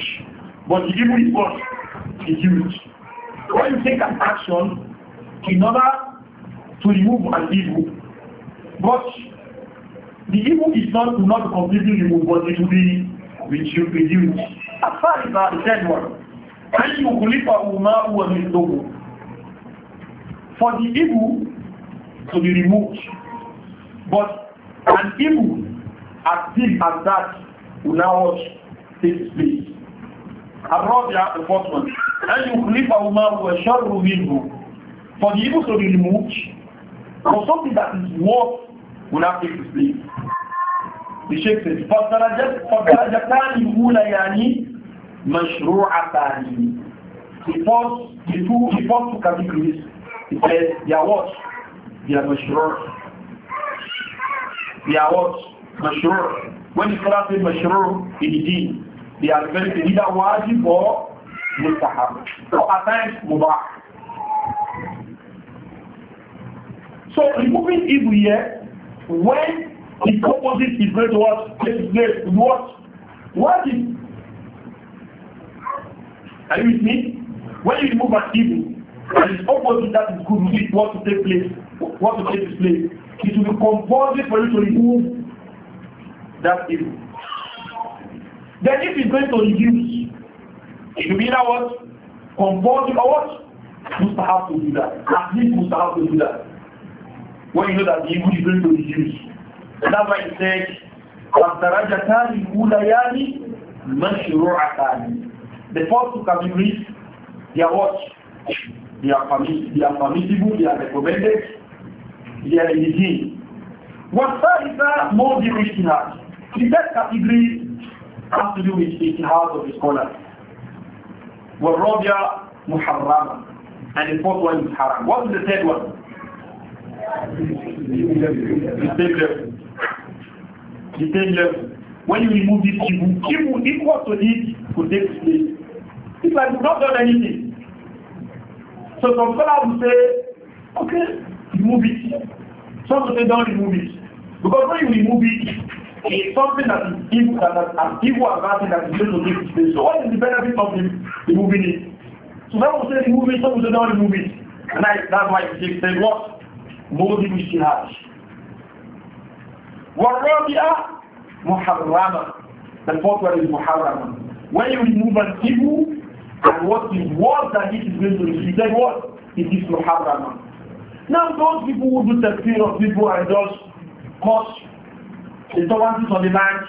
but the evil is what reduced when you take an action in order to remove an evil but The evil is not to not completely remove, but it will be which you reduce. Afar is the third one. أن يخلفه ما هو مثله. For the evil to be removed, but an evil as big as that will now take place. الرابع the fourth one. أن يخلفه ما هو شر منه. For the evil to be removed, for something that is worse munafik islam bishek says فالدرجتان الأوليان مشروعتان The first, the two, the first two categories, it says they are what? They are mashroor. They are what? Mashroor. When the Quran says mashroor in the deen, they are very either wajib or mustahab. So at times mubah. So removing evil here when the composite is going to what takes place in what? What is? Are you with me? When you remove an evil, and its opposite that is good will what to take place, what to take place, it will be composite for you to remove that evil. Then if it's going to reduce, it will be now what? Composite or what? have to do that. At least Mustahab to do that. when you know that the evil is going to reduce. And that's why he said, وَالدَّرَجَتَانِ الْأُولَيَانِ مَشْرُعَتَانِ The first two categories, they are what? They are, permiss they are permissible, they are recommended, they are the illegal. وَالثَّالِثَ مَوْضِعُ اجْتِهَادِ The third category has to do with the heart of the scholar. وَالرَّابِعَ مُحَرَّمًا And the fourth one is haram. What is the third one? The same level. The same level. When you remove this evil, evil equal to it could take place. It's like you've not done anything. So some scholars will say, okay, remove it. Some will say, don't remove it. Because when you remove it, it's something that is evil, that is as evil as that thing that is going to take place. So what is the benefit of removing it? So some will say remove it, some will say don't remove it. And I, that's why it takes a lot. موضع اجتهاد والرابعة محرمة the fourth one is محرمة when you remove an evil and what is worse than it is going to receive then what it is محرمة now those people who do the fear of people and just cause intolerance on the land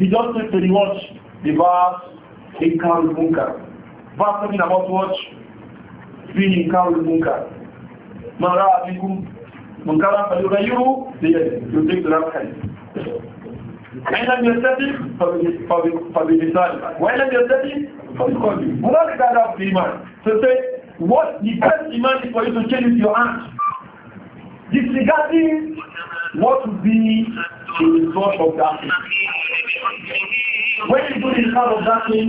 they just take to the watch the verse in Karl Bunker verse talking about what being in Karl Bunker من رأى منكم منكرا فليغيره بيده يطيق ذلك فإن لم يستطع فبلسانه وإن لم يستطع فبقلبه هناك adab to iman so say what the best iman is for you to change with your hand disregarding what would be the result of that when you do the result of that thing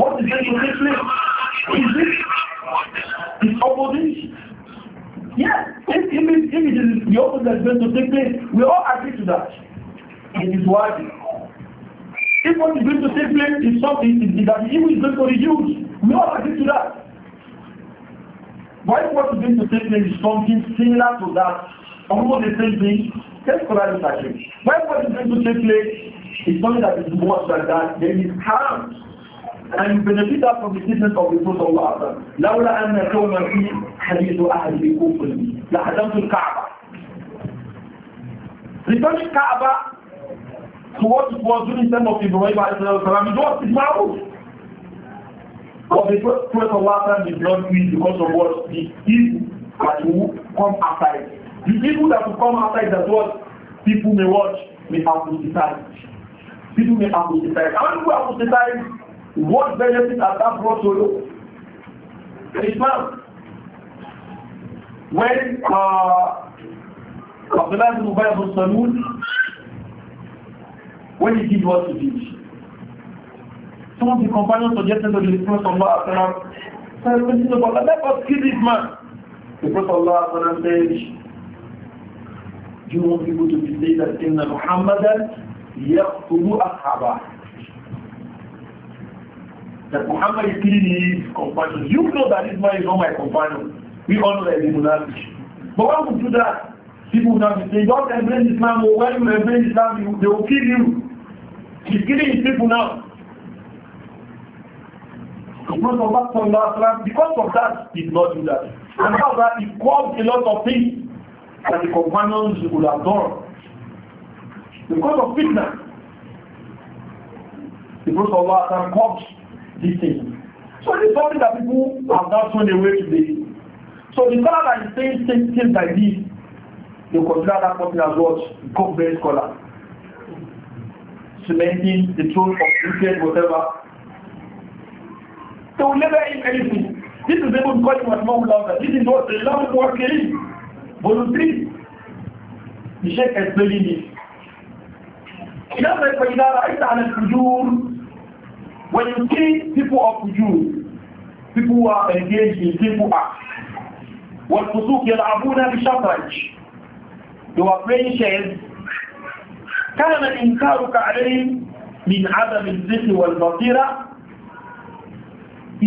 what is going to take place is it is opposition? Yes, if, if, it, is the opposite that is going to take place, we all agree to that. It is worthy. If what is going to take place is something that the evil is going to reduce, we all agree to that. But if what is going to take place is something similar to that, almost the same thing, just correct the But if what is going to take place is something that is worse than that, then it counts and you benefit that from the business of the Prophet لولا أن يوم في حديث أحد بكم لحزمت الكعبة. Returning Kaaba to what it was during the time of Ibrahim alayhi salam, it was Ismail. But the Prophet Allah is not weak because of what the evil that will come after it. The evil that will come after it is what people may watch may apostatize. People may apostatize. How many people apostatize What benefit has that brought to you? Islam. When uh, Abdullah ibn Ubay ibn Salul, when he did what he did, some of the companions suggested to the Prophet Allah after said, let us kill this man. The Prophet Allah said, do you want people to be say that in Muhammadan yaqtulu ashaba? that Muhammad is killing his companions. You know that this man is not my companion. We all know that he's a But why would do that? People would have been saying, don't embrace Islam, or oh, when you embrace Islam, you, they will kill you. He's killing his people now. The Prophet of time, because of that, did not do that. And how that it caused a lot of things that the companions would have done. Because of fitna, the Prophet of Allah has comes this thing. So this is something that people have not thrown away today. So the scholar that is saying things like this, they consider that person as what? Government scholar. Cementing the throne of Christian, whatever. They will never aim anything. This is able to call him as more louder. This is what they love for killing. Voluntary. The Sheikh explaining this. إذا فإذا رأيت على الفجور When you see people of you, people who are engaged in simple acts, والفسوق يلعبون بشطرنج They were playing chess. كان إنكارك عليهم من عدم الذكر والبصيرة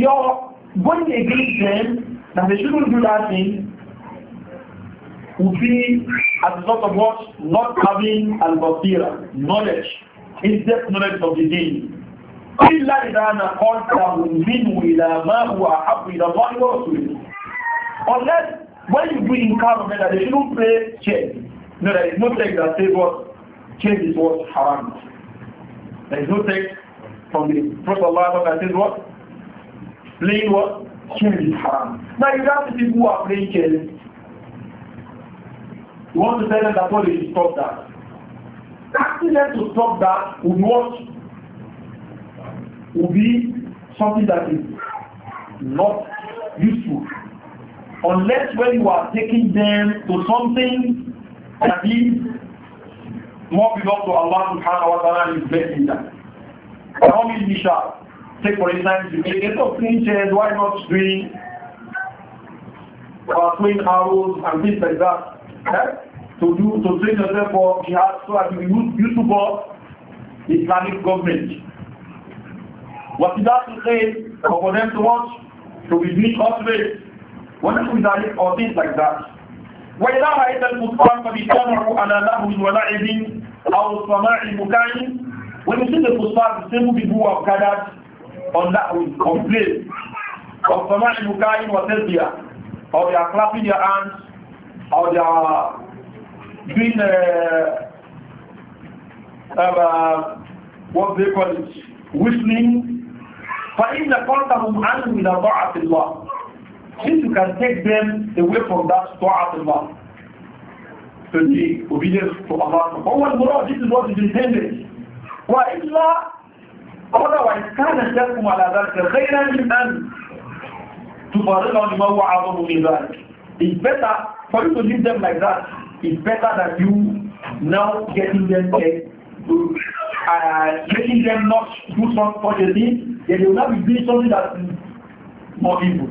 are going against them that they shouldn't do that thing would be as a result of what? Not having al-basira, knowledge, in-depth knowledge of the deen. إلا إذا نقلته منه إلى ما هو أحب إلى الله ورسوله unless when you do encounter that they shouldn't play chess no there is no text that says what chess is what haram there is no text from the Prophet Allah that says what playing what chess is haram now you have people who are playing chess you want to tell them that what they should stop that asking them to stop that would what will be something that is not useful. Unless when you are taking them to something that is more belong to Allah subhanahu wa ta'ala and his messenger. How many Misha? Take for instance, you make of clean why not doing uh, twin arrows and things like that? Eh? To do to train yourself for jihad so that you be useful for Islamic government. What is that to say for them to watch, to be meat or trade. ونحو that or things like that. وإذا رأيت الكفار قد اجتمعوا على لهو ولعب أو سماع مكان When you see the kuffar, the same people who have gathered on that will complain of سماع مكان وتلبية or they are clapping their hands or they are doing uh, uh, what they call it, whistling فإن قلبهم عنه إلى طاعة الله since you can take them away from that طاعة الله to the obedience to Allah هو oh, المراد this is what is intended وإلا otherwise كان شركم على ذلك خيرا من أن تفرغ لما هو أعظم من ذلك it's better for you to leave them like that it's better that you now getting them uh, uh, making them not do some such a thing then they will not be doing something that is more evil.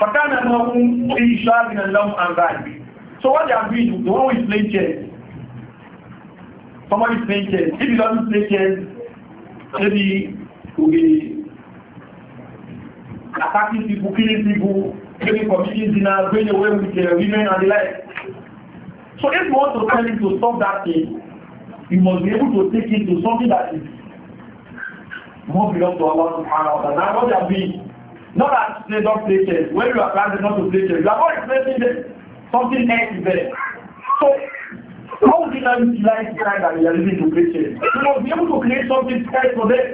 فَكَانَ لَهُمْ إِشَاءٍ اللَّهُمْ and right. So what they are doing, the one who is playing chess, somebody is playing chess, if he doesn't play chess, maybe he be attacking people, killing people, maybe committing dinner, going away with uh, women and the like. So if you want to tell him to stop that thing, you must be able to take it to something that is more belong to Allah subhanahu wa ta'ala. What that means, not that they don't play chess. When you are planning not to play chess, you are not expecting them. Something else is there. So, how did I utilize the time that we are living to play chess? You must be able to create something else for them.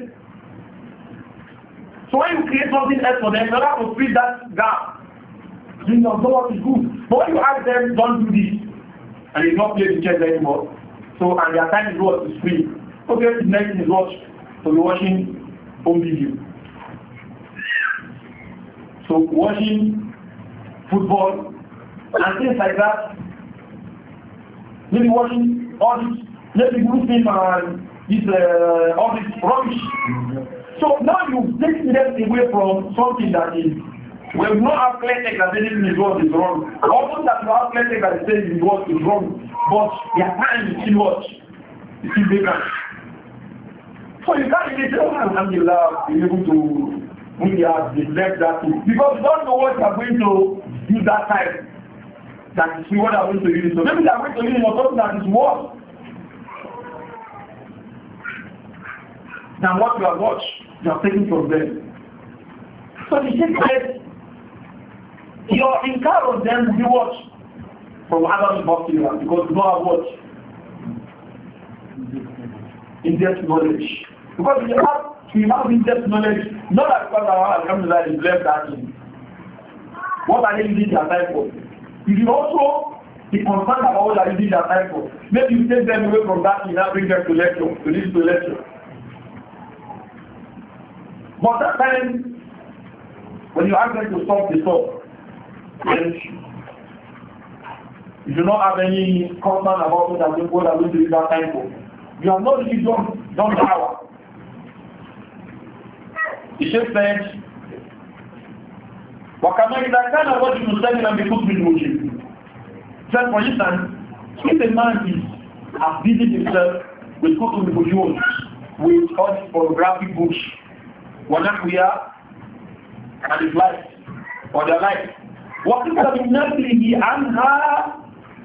So when you create something else for them, you're not to fill that gap. You know, so what is good. But when you ask them, don't do this, and they don't play the chess anymore, so and their time is what is free. Okay, the next is what? So be watching only you. So watching football and things like that, maybe watching all this, maybe newspaper and this, uh, all this rubbish. So now you take them away from something that is we have not no athletic that anything is what is wrong. Almost that have athletic that says is what is wrong, but their time is still what? It's still vacant. So you can't even say, oh, Alhamdulillah, be able to, we have neglect that Because you don't know what you are going to use that time. That is what I'm going to use. So maybe I'm going to use for something that is worse than what you have watched, you are taking from them. So the Sheikh said, your encounter of them be what? From Adam Bakhtiyar, because you know have what? In-depth knowledge. Because we have, we have in-depth knowledge, not that because our Alhamdulillah is left that in. What are they using their time for? It is also the concern about what are using their time for. Maybe you take them away from that, and now bring them to lecture, to listen to lecture. But that time, when you ask them to stop, the talk, And you do not have any concern about what are going to do that time for. You have not really done, done the The Sheikh said, وَكَمَا إِذَا كَانَ الرَّجُلُ سَلِمًا بِكُفْرِ الْمُجِرِ Said for instance, if a man is has busied himself with kutub bujur, with all pornographic books, وَنَحْوِيَا and his life, or their life, وَقِفَ مِنْ نَفْلِهِ عَنْهَا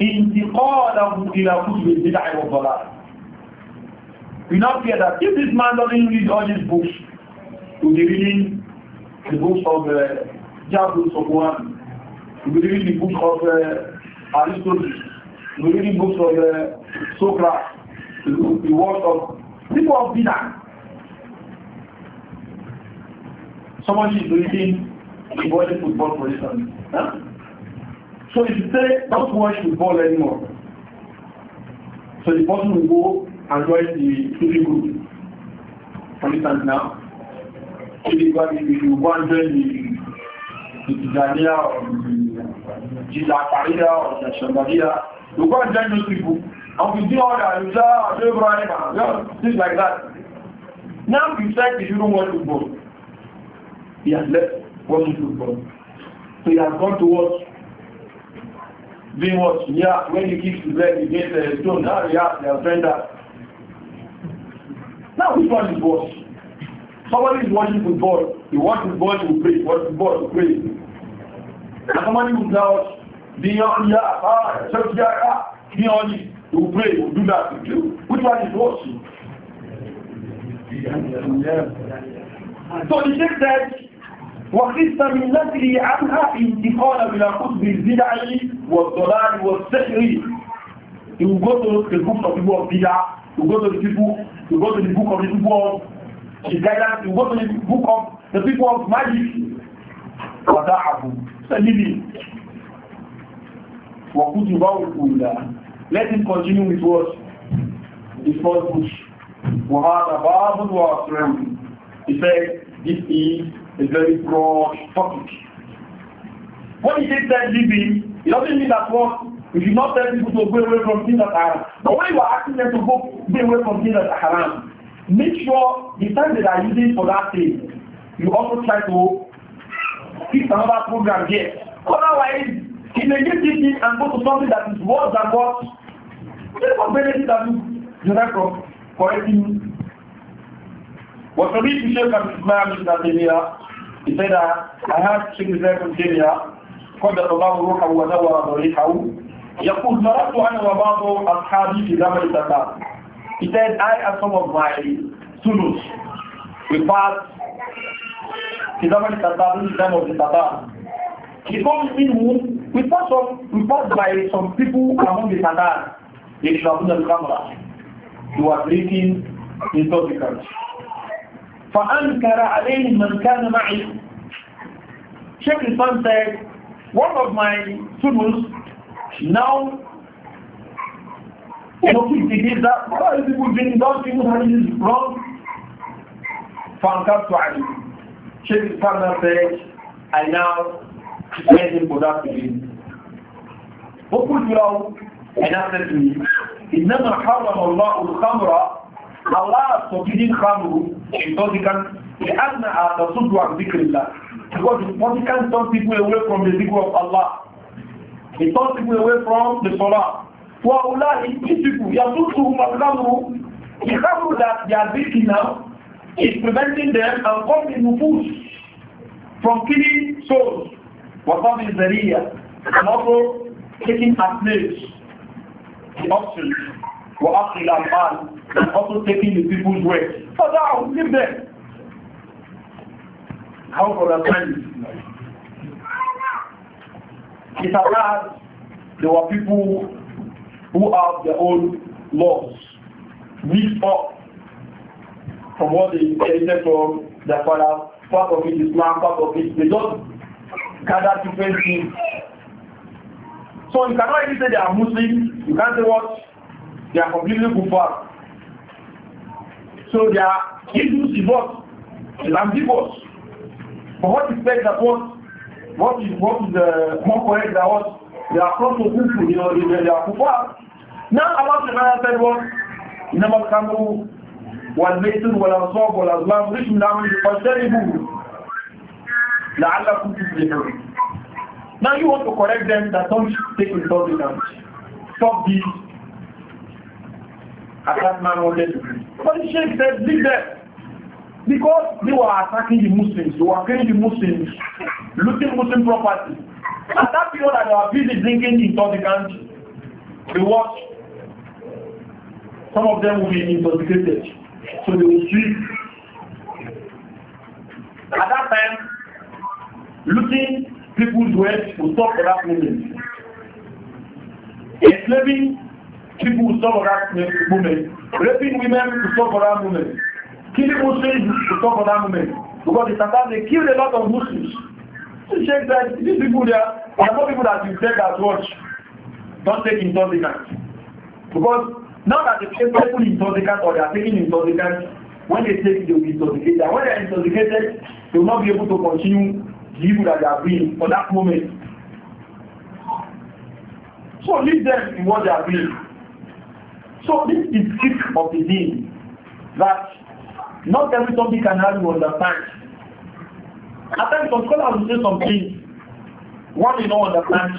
انتقاله إلى كتب البدع والضلال. We now fear that if this man doesn't read all these books, will be reading the books of uh, Jabul Sofwan, will be reading the books of uh, Aristotle, will be reading books of uh, Socrates, the, the works of people of Bida. Somebody is reading avoiding football for instance. Huh? So if you say, don't watch football anymore, so the person will go and join the TV group, for instance now, kírígbá ní ìlú wáńdẹ́ ní ìtìjàníà ìjìlá àpàríyà ọ̀nà ṣàgbàríyà gbogbo àjẹ́ ní oṣù ìbú àwọn ìdí ọ̀dà ìjá àjẹ́ ìbúraní things like that now you said you don't want football he has left watching football so he has gone towards watch being watched yeah when he keeps his leg against the stone now he has the offender now which one is worse Somebody is watching football. He watches football, he will pray. He watches football, he pray. And somebody who's out, beyond Yah, ah, self Yah, beyond it, he will pray, he will do that. Which one is worse? So he said that, وخص من نسله عنها انتقال من القطب الزدع والضلال والسحر You go to the book of people of Bida, you go to the people, you go to the book of the people of She guided the go to the book of the people of magic. وَدَعَهُ So leave him. وَكُتُبَهُ الْأُولَى Let him continue with what? The first book. وَهَذَا بَابٌ وَأَسْرَمٌ He said, this is a very broad topic. When he says that Libi, it doesn't mean that what we should not tell people to go away from things that are haram. But when you are asking them to go away from things that are haram, make sure the time they are using for that thing, you also try to fix another program here. Otherwise, it may get thing and go to something that is worse than what there's no benefit that you derive from correcting. وصديق الشيخ الإسلام ابن تيمية إذا أهات شيخ الإسلام ابن تيمية قدر الله روحه ونور ضريحه يقول مررت أنا وبعض أصحابي في زمن الزكاة He said, I have some of my students. We passed Kizamani Tatar, the time of the Tatar. He comes in we passed, some, we passed by some people among the Tatar. They should have the camera. He was drinking intoxicants. فأنكر عليه من كان معي Sheikh Islam said, one of my students now know, if he did that, why is people doing that? People that is wrong. Fantastic. Sheikh Iskandar said, I now defend him for that reason. وقلت له أن أخذني إنما حرم الله الخمر الله forbidden خمر intoxicant لأنها تصد عن ذكر الله because intoxicant turns people away from the ذكر of Allah it turns people away from the salah wọ́n ọ̀lá ìpínlẹ̀ yàtọ̀ tó mọ̀láwó ìkáwò that they are making now is preventing them and causing nufus from killing souls وقام الزرية and also taking as slaves the options وأقل الأمال and also taking the people's way. For that, I will leave them. How for the friends? It's a allowed there were people who have their own laws mixed up from what they inherited from their father. Part of it is Islam, part of it they just gather different things. So you cannot even say they are Muslims. You can't say what they are completely kuffar. So they are Hindus is what Islam But what is said that what what is what is the uh, more correct that what They are close to Kufu, you know, they, they are Kufa. Now Allah subhanahu wa ta'ala what? إنما الخمر والميسر والأنصاب والأزلام رجم العمل فاجتنبوه لعلكم تفلحون. Now you want to correct them that don't take intoxicants. Stop this. man wanted to do. But the Sheikh said, leave them. Because they were attacking the Muslims, they were killing the Muslims, looting Muslim property. At that period that they were busy drinking intoxicants, they watch. Some of them will be intoxicated, so they will sleep. At that time, looting people's wealth will stop for that moment. Enslaving people will stop for that moment. Raping women to stop for that moment. Killing Muslims to stop for that moment. Because the Satan, they killed a lot of Muslims. He that these people there are not people that you take as watch. Don't take intoxicants. Because now that they take people in intoxicant or they are taking intoxicants, when they take, they will be intoxicated. And when they are intoxicated, they will not be able to continue the evil that they are doing for that moment. So leave them in what they are doing. So this is sick of the deen that not every topic can have you understand. At times some scholars will say some things. One you not understand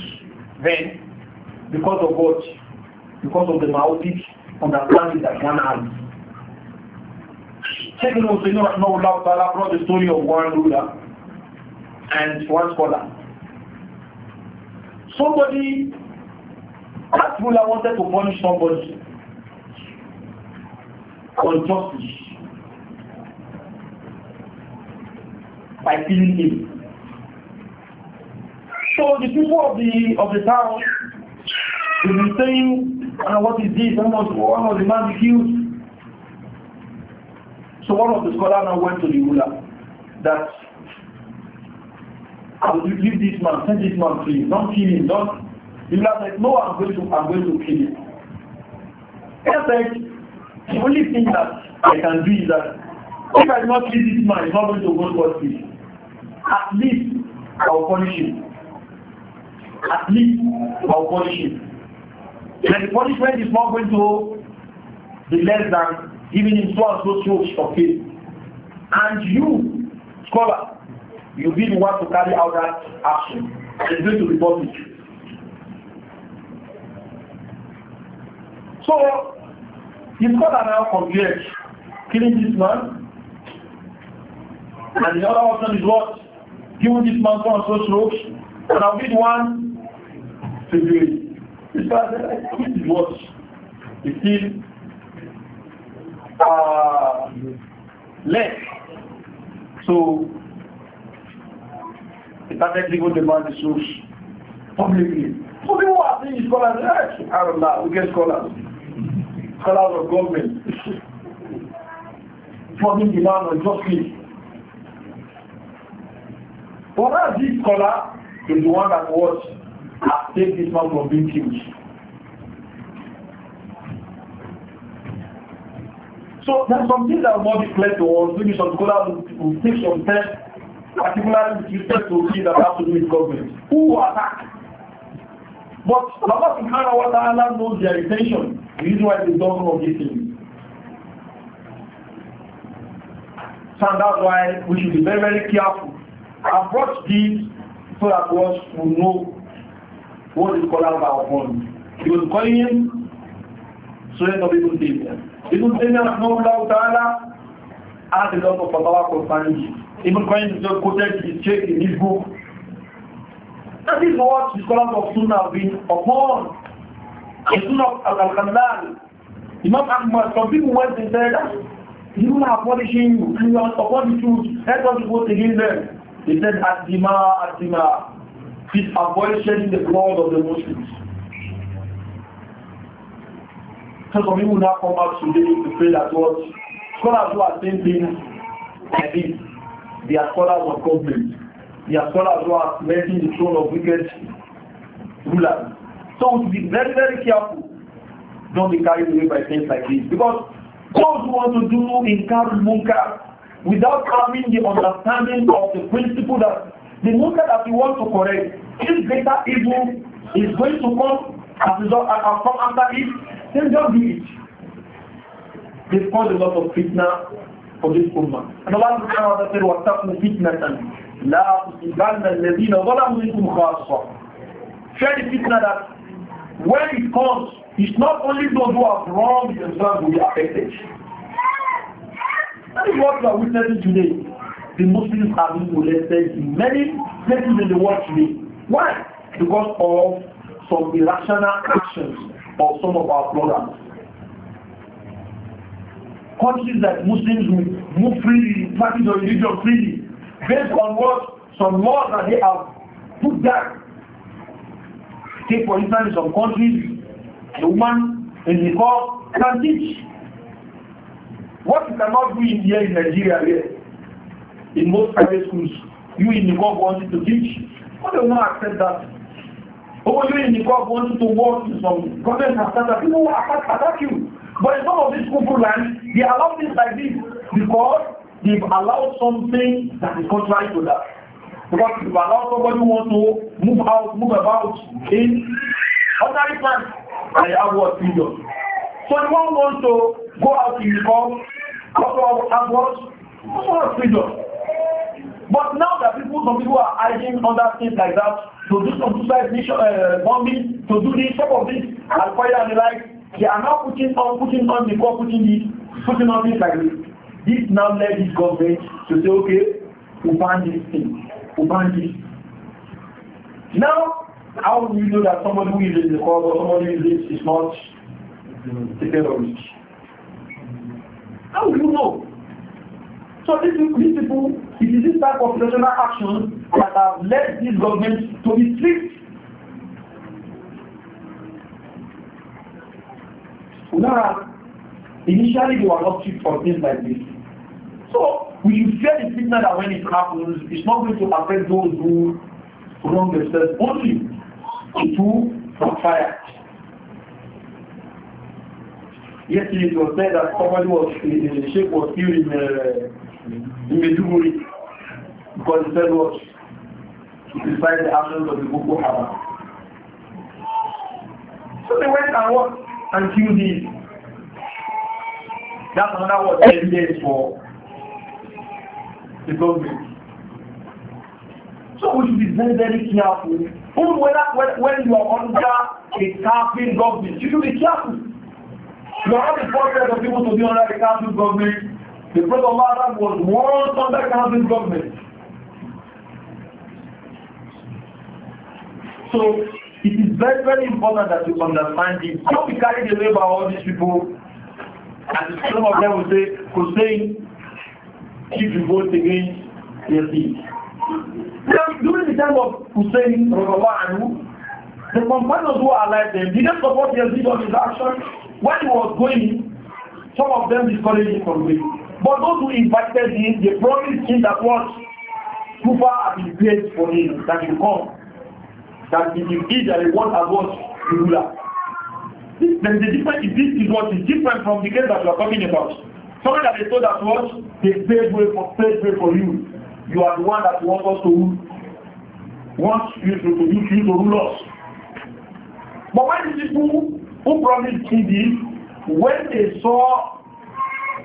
then because of what? Because of the Maotic understanding that one has. Sheikh Hussein Rahmanullah Ta'ala brought the story of one ruler and one scholar. Somebody, that ruler wanted to punish somebody unjustly. by killing him. So the people of the of the town will be saying, oh, what is this? How much one of the man killed? So one of the scholars now went to the ruler that I will leave this man, send this man free, don't kill him, don't the ruler said, No, I'm going to I'm going to kill him. He said, the only thing that I can do is that if I do not kill this man, he's not going to go to justice at least I will punish him. At least I will punish him. And the punishment is not going to be less than giving him so and so strokes of faith. And you, scholar, you'll be the one to carry out that action. And it's going to be public. So, the scholar now compares killing this man, and the other option is what? given this man so and so strokes, and I'll be the one to do it. He started, I mean, was, it's still uh, less. So, he started giving the man the strokes publicly. So people are saying scholars, yes, subhanAllah, we get scholars. Scholars of government. [laughs] Forming demand man justice. For that, this scholar is the one that was has saved this man from being killed. So there's things that will not be clear to us. Maybe some scholars will, take some time, particularly with respect to things that have to do with government. Who attack? But Allah subhanahu wa ta'ala knows their intention. The reason why they don't know these things. So that's why we should be very, very careful I brought this so that us will know what is called our upon. He was calling him Sunnah of Ibn Taymiyyah. Ibn Taymiyyah doubt, Ta'ala has a lot of fatwa concerning it. Ibn Qayyim is just quoted his check in his book. That is what the scholars of Sunnah have been upon. The Sunnah of Al-Khandal, Imam Ahmad, some people went and said, ah, you are punishing you, and you are upon the truth, let us go to him there. They said, Adima, Adima, please avoid shedding the blood of the Muslims. So some people now come out today to pray that what scholars who are saying things like this, they are scholars of government. They are scholars who are making the throne of wicked rulers. So we should be very, very careful. Don't be carried away by things like this. Because those who want to do in Karl Munkar, without having the understanding of the principle that the munkar that you want to correct, this greater evil is going to come as result and come after it, then just do it. This caused a lot of fitna for this ummah. And Allah subhanahu wa ta'ala said, وَاتَّقُوا and لَا تُصِبَنَّ الَّذِينَ ظَلَمُوا مِنْكُمْ خَاصَّةً share the fitna that when it comes, it's not only those who have wronged themselves will be affected. That is what we are witnessing today. The Muslims are being molested in many places in the world today. Why? Because of some irrational actions of some of our brothers. Countries that Muslims will move freely, practice their religion freely, based on what some laws that they have put down. Take for instance some countries, a woman in the court can teach What you cannot do in here in Nigeria here, in most private schools, you in the God wanted to teach, but they will not accept that. Or oh, you in the God wanted to work in some government have started, people will attack, attack you. But in some of these school land, they allow things like this because they've allowed something that is contrary to that. Because if you allow somebody who wants to move out, move about in ordinary plans, and they have what freedom. So the one wants to go out in the pub, go out afterwards, so freedom. But now that people, some people are hiding under things like that, to do some suicide mission, uh, bombing, to do this, some of this, and fire and the like, they are now putting on, putting on the core, putting this, putting on things like this. This now led this government to say, okay, we ban this thing, we ban this. Now, how do you know that somebody who is in the court or somebody who is not a terrorist? How will you know? So this is it is this type of professional action that have led this government to be strict. Now, initially they were not strict for things like this. So we should fear the signal that when it happens, it's not going to affect those who wrong themselves only. to will Yes, it was said that somebody was, in the shape was killed in, uh, in Medjugorje because he said was He decided the actions of the Boko Haram. So they went and what? And killed him. That's another word evidence for the government. So we should be very, very careful. Even when, when, when you are under a carpet government, you should be careful. You have the of people to be under the council government. The Prophet Muhammad was once under council government. So it is very, very important that you understand this. Don't be carried away by all these people. And some of them will say, Hussein, keep you vote against, they'll Now During the time of Hussein, the companions who are alive then, did they support Yazid on his action? When he was going, some of them discouraged him from going. But those who invited him, they promised him that what Kufa had been placed for him, that he come, that he will eat and reward as what the ruler. This Then the difference is this is what is different from the case that we are talking about. Somebody that they told us what they paid way for paid way for you. You are the one that want us to want you to, to, you to rule us. But when these people who promised Kindi, when they saw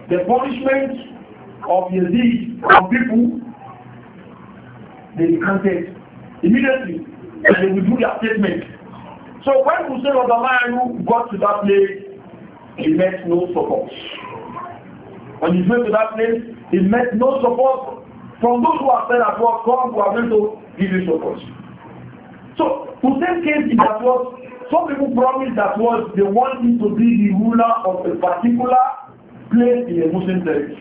the punishment of Yazid on people, they recanted immediately and they withdrew their statement. So when Hussein of Amayanu got to that place, he met no support. When he went to that place, he met no support from those who are said at what God who are going to give him support. So Hussein came in that was some people promise that what they want him to be the ruler of a particular place in a Muslim territory.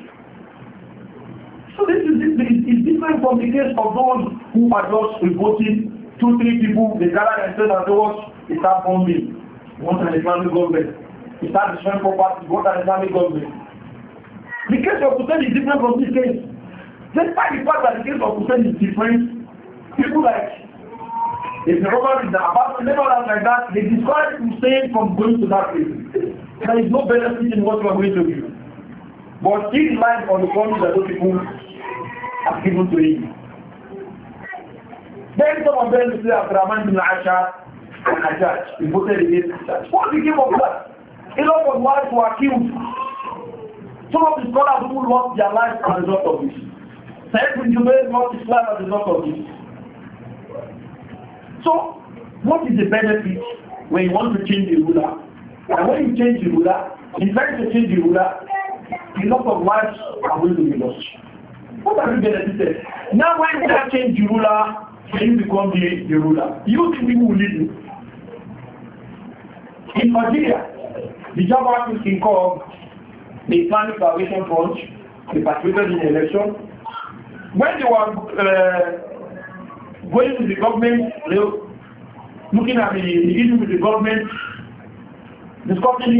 So this is, is, is different from the case of those who are just revolting two, three people, they gather themselves and say what? They start bombing. What an Islamic government. They start destroying property. What an Islamic government. The case of Hussein is different from this case. Despite the fact that the case of Hussein is different, people like If the Roman is about to live out like that, they discourage Hussein from going to that place. There is no benefit in what you are going to do. But keep in mind on the promise that those people have given to him. Then some of them say Abdurrahman bin Asha and Hajjaj, he voted against church. What became of that? A lot of wives were killed. Some of the scholars who lost their lives as a result of this. Said bin Jubair lost his life as a result of this. So, what is the benefit when you want to change the ruler? And when you change the ruler, in trying to change the ruler, a lot of lives are going to be lost. What have you benefited? Now when you have changed the ruler, you become the, the ruler. You think people will lead you. In Nigeria, the Java is in called the Islamic Salvation Front, they participated in the election. When they were uh, going to the government, looking at the, the issue with the government, discussing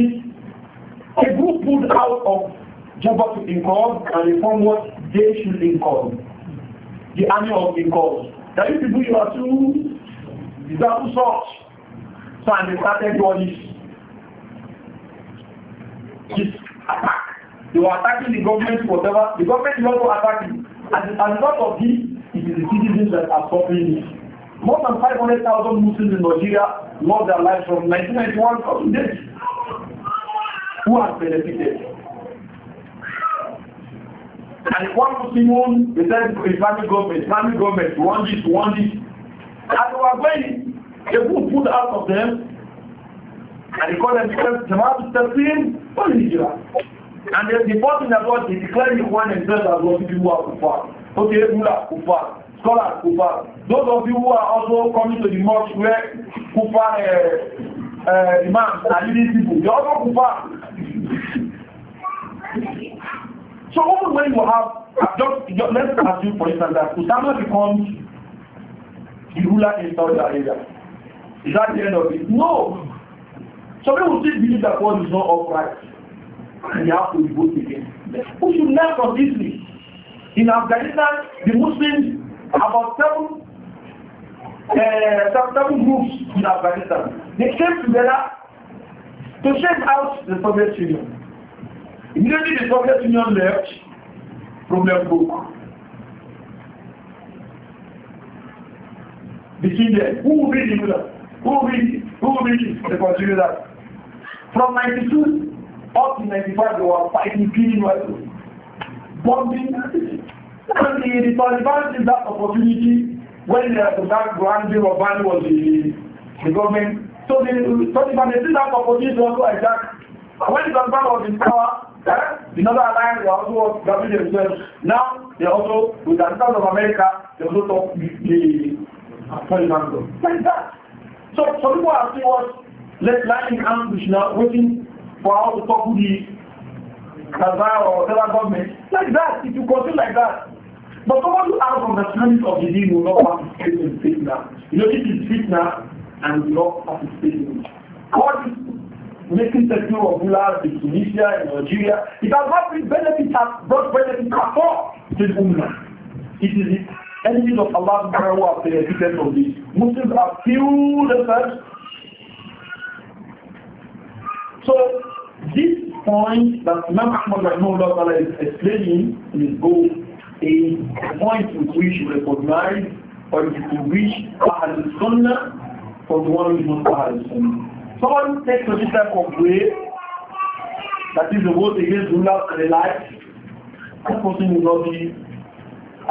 it, a group pulled out of Jabhat Income and informed what they should incur. The army of Income. That you people you are too desirable such. So and they started all this, this attack. They were attacking the government, whatever. The government is also attacking. And a lot of this, it is the citizens that are suffering it. More than 500,000 Muslims in Nigeria lost their lives from 1991 to today. Who has benefited? And if one Muslim, they said Islamic government, Islamic government, want this, want this. And they were going, they put food out of them. And they called them because Jamaat is Tafsir, what is And they reporting that what they declared the one themselves as what people are to fight okay, ruler, kufar, scholar, kufar. Those of you who are also coming to the mosque where kufar uh, eh, uh, eh, imams are leading people, they also kufar. So even when you have, just, just let's assume for instance that Usama becomes the ruler in Saudi Arabia. Is that the end of it? No. Some people still believe that God is not upright and they have to revolt again. Who should learn from this list? In Afghanistan, the Muslims, about seven, uh, seven groups in Afghanistan, they came together to shake out the Soviet Union. Immediately the Soviet Union left, problem broke. Between them, who will be the leader? Who will be, who will be the that From 92 up to 95, they were fighting, killing rifles bombing. And he disadvantaged that opportunity when uh, that grand deal of value was the, the government. So the Taliban, they see that opportunity also exact. And when the Taliban was in power, eh, the other Alliance they also grabbing themselves. Now, they also, with the assistance of America, they also talk the, the Taliban Like that. So some people are still what, let's lie in ambush now, waiting for how to talk to the Qatar or whatever government, like that, If you continue like that. But someone who has understanding of the deal will not participate in fitna. You know, this is fitna and will not participate in it. God is making the new of rulers in Tunisia, in Algeria. It has not been benefit, has brought benefit at all to the Ummah. It is the enemies of Allah who have benefited from this. Muslims are few themselves. So This point that Imam Ahmad Rahmanullah is explaining in his book is the point with which you recognize or distinguish Ahl Sunnah from the one who is not Ahl Sunnah. Someone takes to this type of way, that is the vote against rulers and the like, that person will not be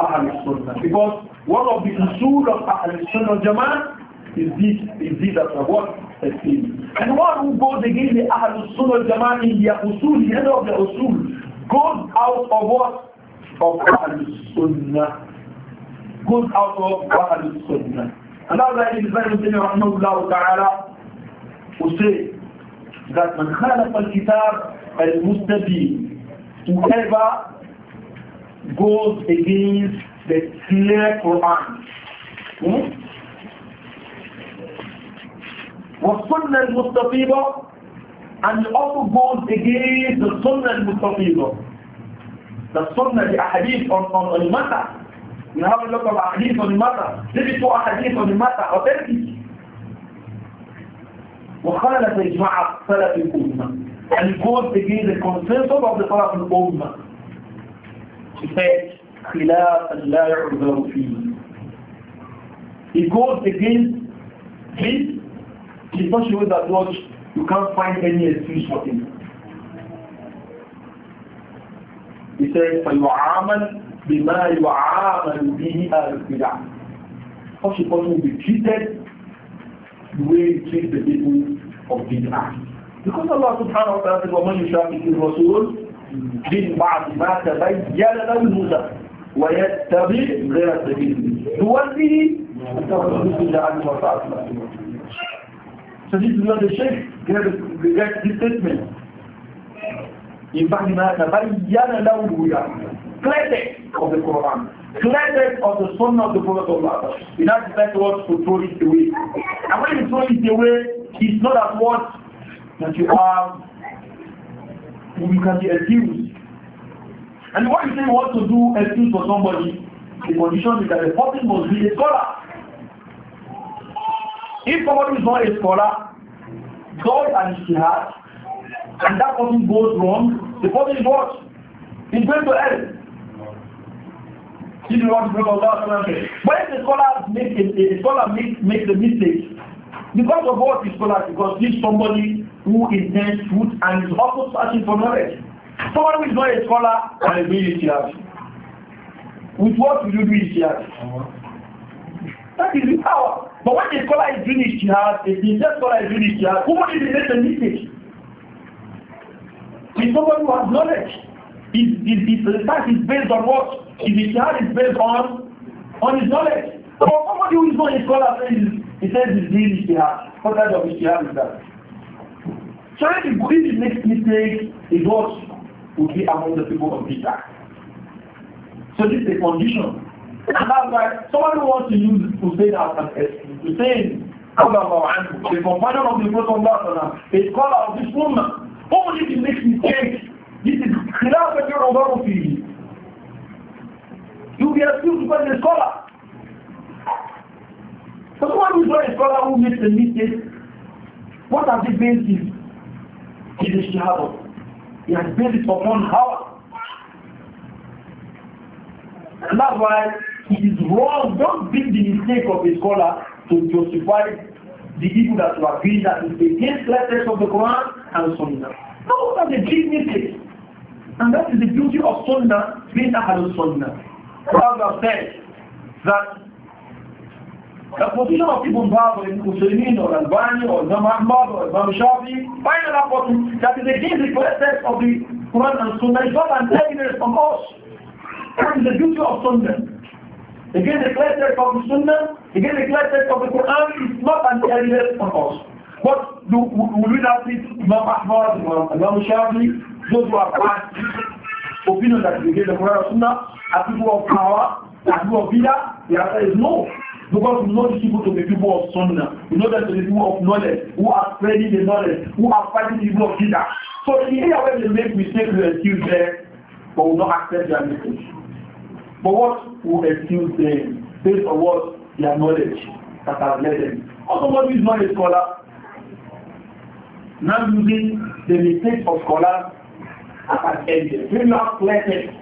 Ahl Sunnah. Because one of the usul of Ahl Sunnah Jamaat. is this, is this after what? And one who goes against the Ahlul Sunnah Jama'at in the usul, the end of the usul, goes out of what? Of Ahlul Sunnah. Goes out of Ahlul Sunnah. And that's why Islam Ibn Rahmanullah Ta'ala who say that من خالف الكتاب kitab whoever goes against the clear Quran hmm? والسنة المستطيبة and also goes against the sunnah المستطيبة the sunnah the ahadith on, on, on matter we have a lot of ahadith on matter maybe two ahadith on matter authorities وخالف إجماع سلف الأمة and it goes against the consensus of the Salaf al-Ummah he said خلاف لا يعذر فيه it goes against this It not show that what you can't find any excuse for him. He says, فَيُعَامَلْ بِمَا يُعَامَلْ بِهِ الْبِدْعَ Such a person will be treated the way he treats the people of bid'ah. Because Allah subhanahu wa ta'ala says, وَمَنْ يُشَاكِكِ الرَّسُولِ من بعد ما تبين له الهدى ويتبع غير سبيل نوله أنه يسجد عنه وصعد So this is not the shaykh. You have to reject this statement. In fact, Nabayyana lahu al-huda. Clear of the Quran. Clear of the sunnah of the Prophet of Allah. You now decide what to throw it away. And when you throw it away, it's not at what that you have, you can be accused. And what you say you want to do excuse for somebody, the condition is that the person must be a scholar. If somebody is not a scholar, God and his jihad, and that person goes wrong, the person is what? He's going to hell. This is what the Allah says. When the scholar makes a, a scholar makes make the mistake, because of what is scholar, because he's somebody who intends truth and is also searching for knowledge. Somebody who is not a scholar and is doing his With what will you do his uh-huh. That is the power. But when the scholar is doing Ijtihad, if the just scholar is doing Ijtihad, who would even make a mistake? It's somebody who has knowledge. His, his, his research is based on what? His Ijtihad is based on, on his knowledge. So somebody who is not a scholar says, he says he's doing Ijtihad. What kind of Ijtihad is that? Trying to believe his next mistake is what would be among the people of Peter. So this is a condition. And that's why someone who wants to use Hussein as an excuse. Hussein, the companion of the Prophet Allah, a scholar of this Ummah, only to make mistakes. This is Khilafat al You be accused by the scholar. So someone who is not a scholar who makes a mistake, what are the basis? It is Shahada. He has based it upon how. And that's why it is wrong. Don't be the mistake of a scholar to justify the people that you are that is against the of the Quran and Sunnah. Those are the mistakes, And that is the beauty of Sunnah being Ahlul Sunnah. Rather said that the position of Ibn Babu in Ibn or Albani or Imam Ahmad or Imam Shafi, final another that is against the text of the Quran and Sunnah is not an from us. That is the beauty of Sunnah. Again, the letters of the Sunnah Again, the clear text of the Quran is not an evidence on us. But do, will we not see Imam Ahmad, Imam Shafi, those who are bad opinion that we get the Quran Sunnah, as people of power, as people of vida, the answer is no. Because we know the people to be people of Sunnah. We know them to be people of knowledge, who are spreading the knowledge, who are fighting the people of vida. So in any way they make mistakes, we excuse them, but we will not accept their mistakes. But what will excuse them based on what their knowledge that has led them. Or somebody is not a scholar, not using the mistake of scholars as an engine. Do not clear. it.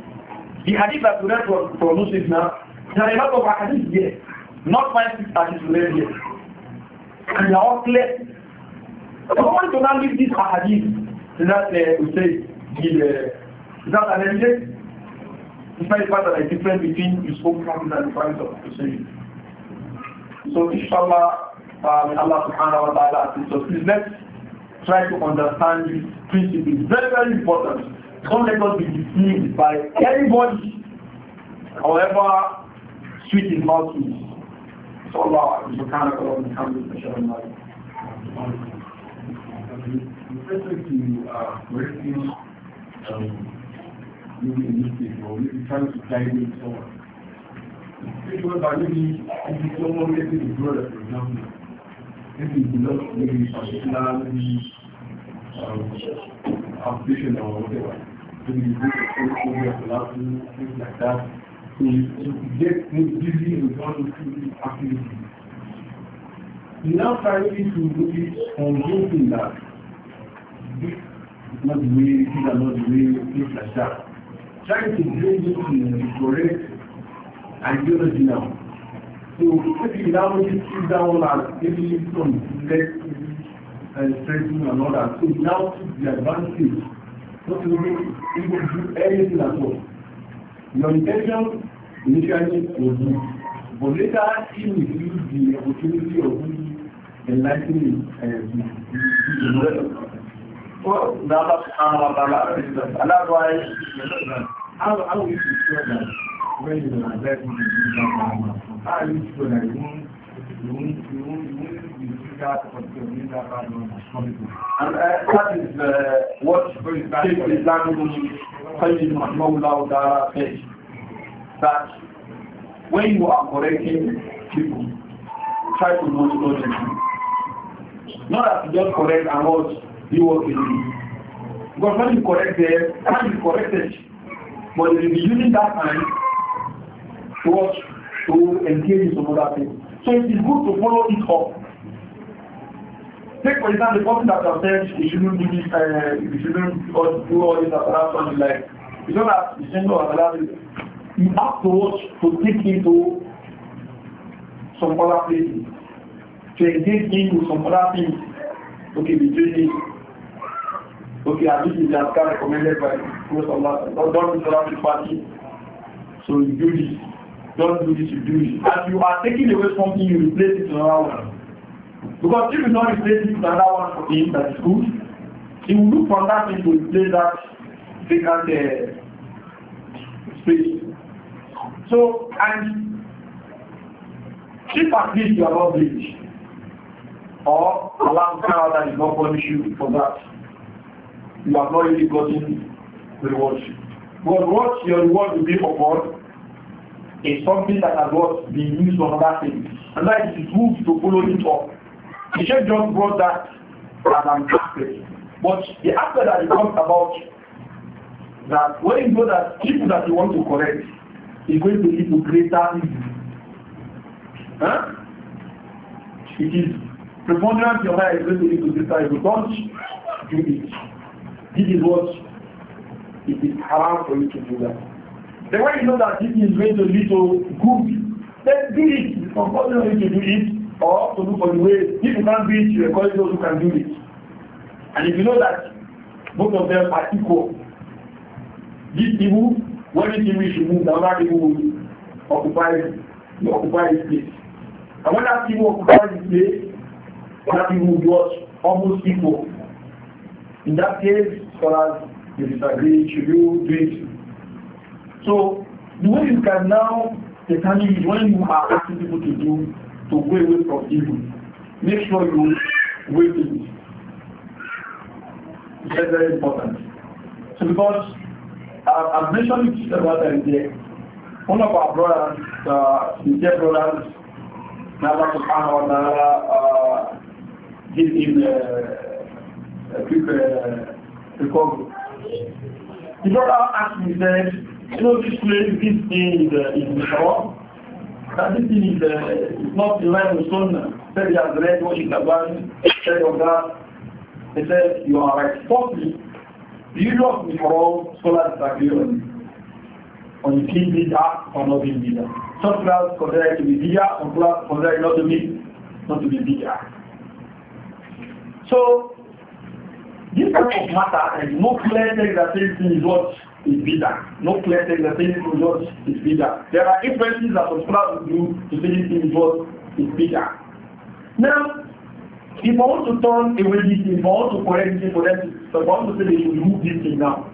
The hadith that we read from, from Muslims now, there are a lot of hadith here, not five, six hadiths we read here. And they are all clear. So one do not leave this hadith that uh, we say, give, uh, is that an engine? It's not a fact that I difference between his own promise and the promise of the Hussein. So inshallah, um, Allah subhanahu wa ta'ala So, Please let's try to understand this principle. It's very, very important. Don't let us be deceived by anybody, however sweet his mouth is. So Allah subhanahu wa ta'ala comes with the Um, maybe a newspaper or maybe trying to guide someone. nítorí ọba níbi ibi tó wọ́n lé sí ìdúró rẹ̀ pẹ̀lú náà níbi ìgbìlọ́ níbi ìpàdésílá níbi application àwọn ọmọdé wa níbi ìgbé ìpínlẹ̀ tó wọ́n yàtọ̀ láti níbi àdá to get busy with one or two Now finally to look at convincing that this is not the way, these are not the way, things like that. Trying to bring it to the correct and unity now. So if you now sit down and maybe some less and uh, strengthening and all that, so now the advantage not to make people do anything at all. Your intention initially was good, but later it he misused the opportunity of enlightening uh, the world. Well, now that's how I'm about that. that's why how, how we should share that when you are left with the farmer, how are be triggered for the that that when you are correcting people, try to not know them. Not that you just correct and what you work in. Because when you correct them, when you corrected, but they will be using that time to watch, to engage in some other things. So it is good to follow it up. Take for example the person that has said you shouldn't do this, uh, you shouldn't do all this at around something like you know that the single of Allah you have to watch to take into some other places, to engage into some other things. Okay, we do Okay, and this is the recommended by Prophet Allah. Don't do Salah party. So you do this don't do this, you do it. As you are taking away something, you replace it with another one. Because if you don't replace it with another one for him that is good, he will look for that thing to replace that vacant uh, space. So, and if at least you are not rich, or Allah that is not punish you for that, you have not really gotten reward. But what your reward will be for upon is something that has not been used on other things. And that it is good to follow it up. The Sheikh just brought that as an aspect. But the aspect that he talked about, that when you know that people that you want to correct is going to lead to greater evil. Huh? It is preponderant your life is going to lead to greater evil. Don't do it. This is what it is haram for you to do that. The way you know that this is going to lead to good, then do it. It's compulsory to do it or to look for the way. If you can't do it, you encourage those who can do it. And if you know that both of them are equal, this evil, when this evil should move, the other evil will occupy, will occupy its place. And when that evil occupies its place, that evil will be almost equal. In that case, scholars, they disagree, should you do it So the way you can now determine is when you are asking people to do, to go away from evil. Make sure you wait it. It's very, very important. So because uh, I've mentioned it several times there, one of our brothers, uh, the dear brothers, Allah subhanahu wa ta'ala uh, gave him uh, a quick uh, recovery. The brother asked me, said, You know this place, this thing is, uh, is Mishawah. That this thing is, uh, is not in line with Sunnah. Said he has read what is Abani, said of oh, that. He said, you are right. Fourthly, the use of Mishawah, scholars disagree on on the king bid'ah or not being bid'ah. Some class consider it to be bid'ah, some scholars consider it not to be, not to be bid'ah. So, this type of matter and no clear text that says is what is bid'ah. No clear text that says what is bid'ah. There are inferences that the scholars will do to say this thing is what is bid'ah. Now, if I want to turn away this thing, if I want to correct this thing for them, if I want to say they should remove this thing now,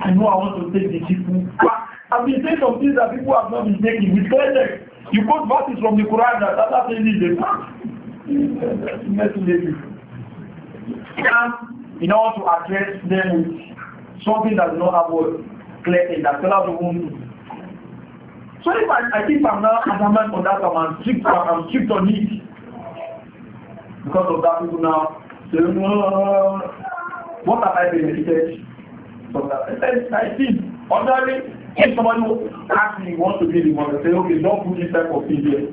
I know I want to take the people back. I've been saying some things that people have not been taking. With clear you quote verses from the Quran that Allah says this, they pass. Messing you. And in order to address them with something that does not have word clear in that tell us fellow won't do. So if I, I think I'm now adamant on that I'm strict, I'm strict on it. Because of that people now say, no, what have I been benefited from that? I, I think, ordinarily, if somebody ask me what to be the one, say, okay, don't put this type of thing here.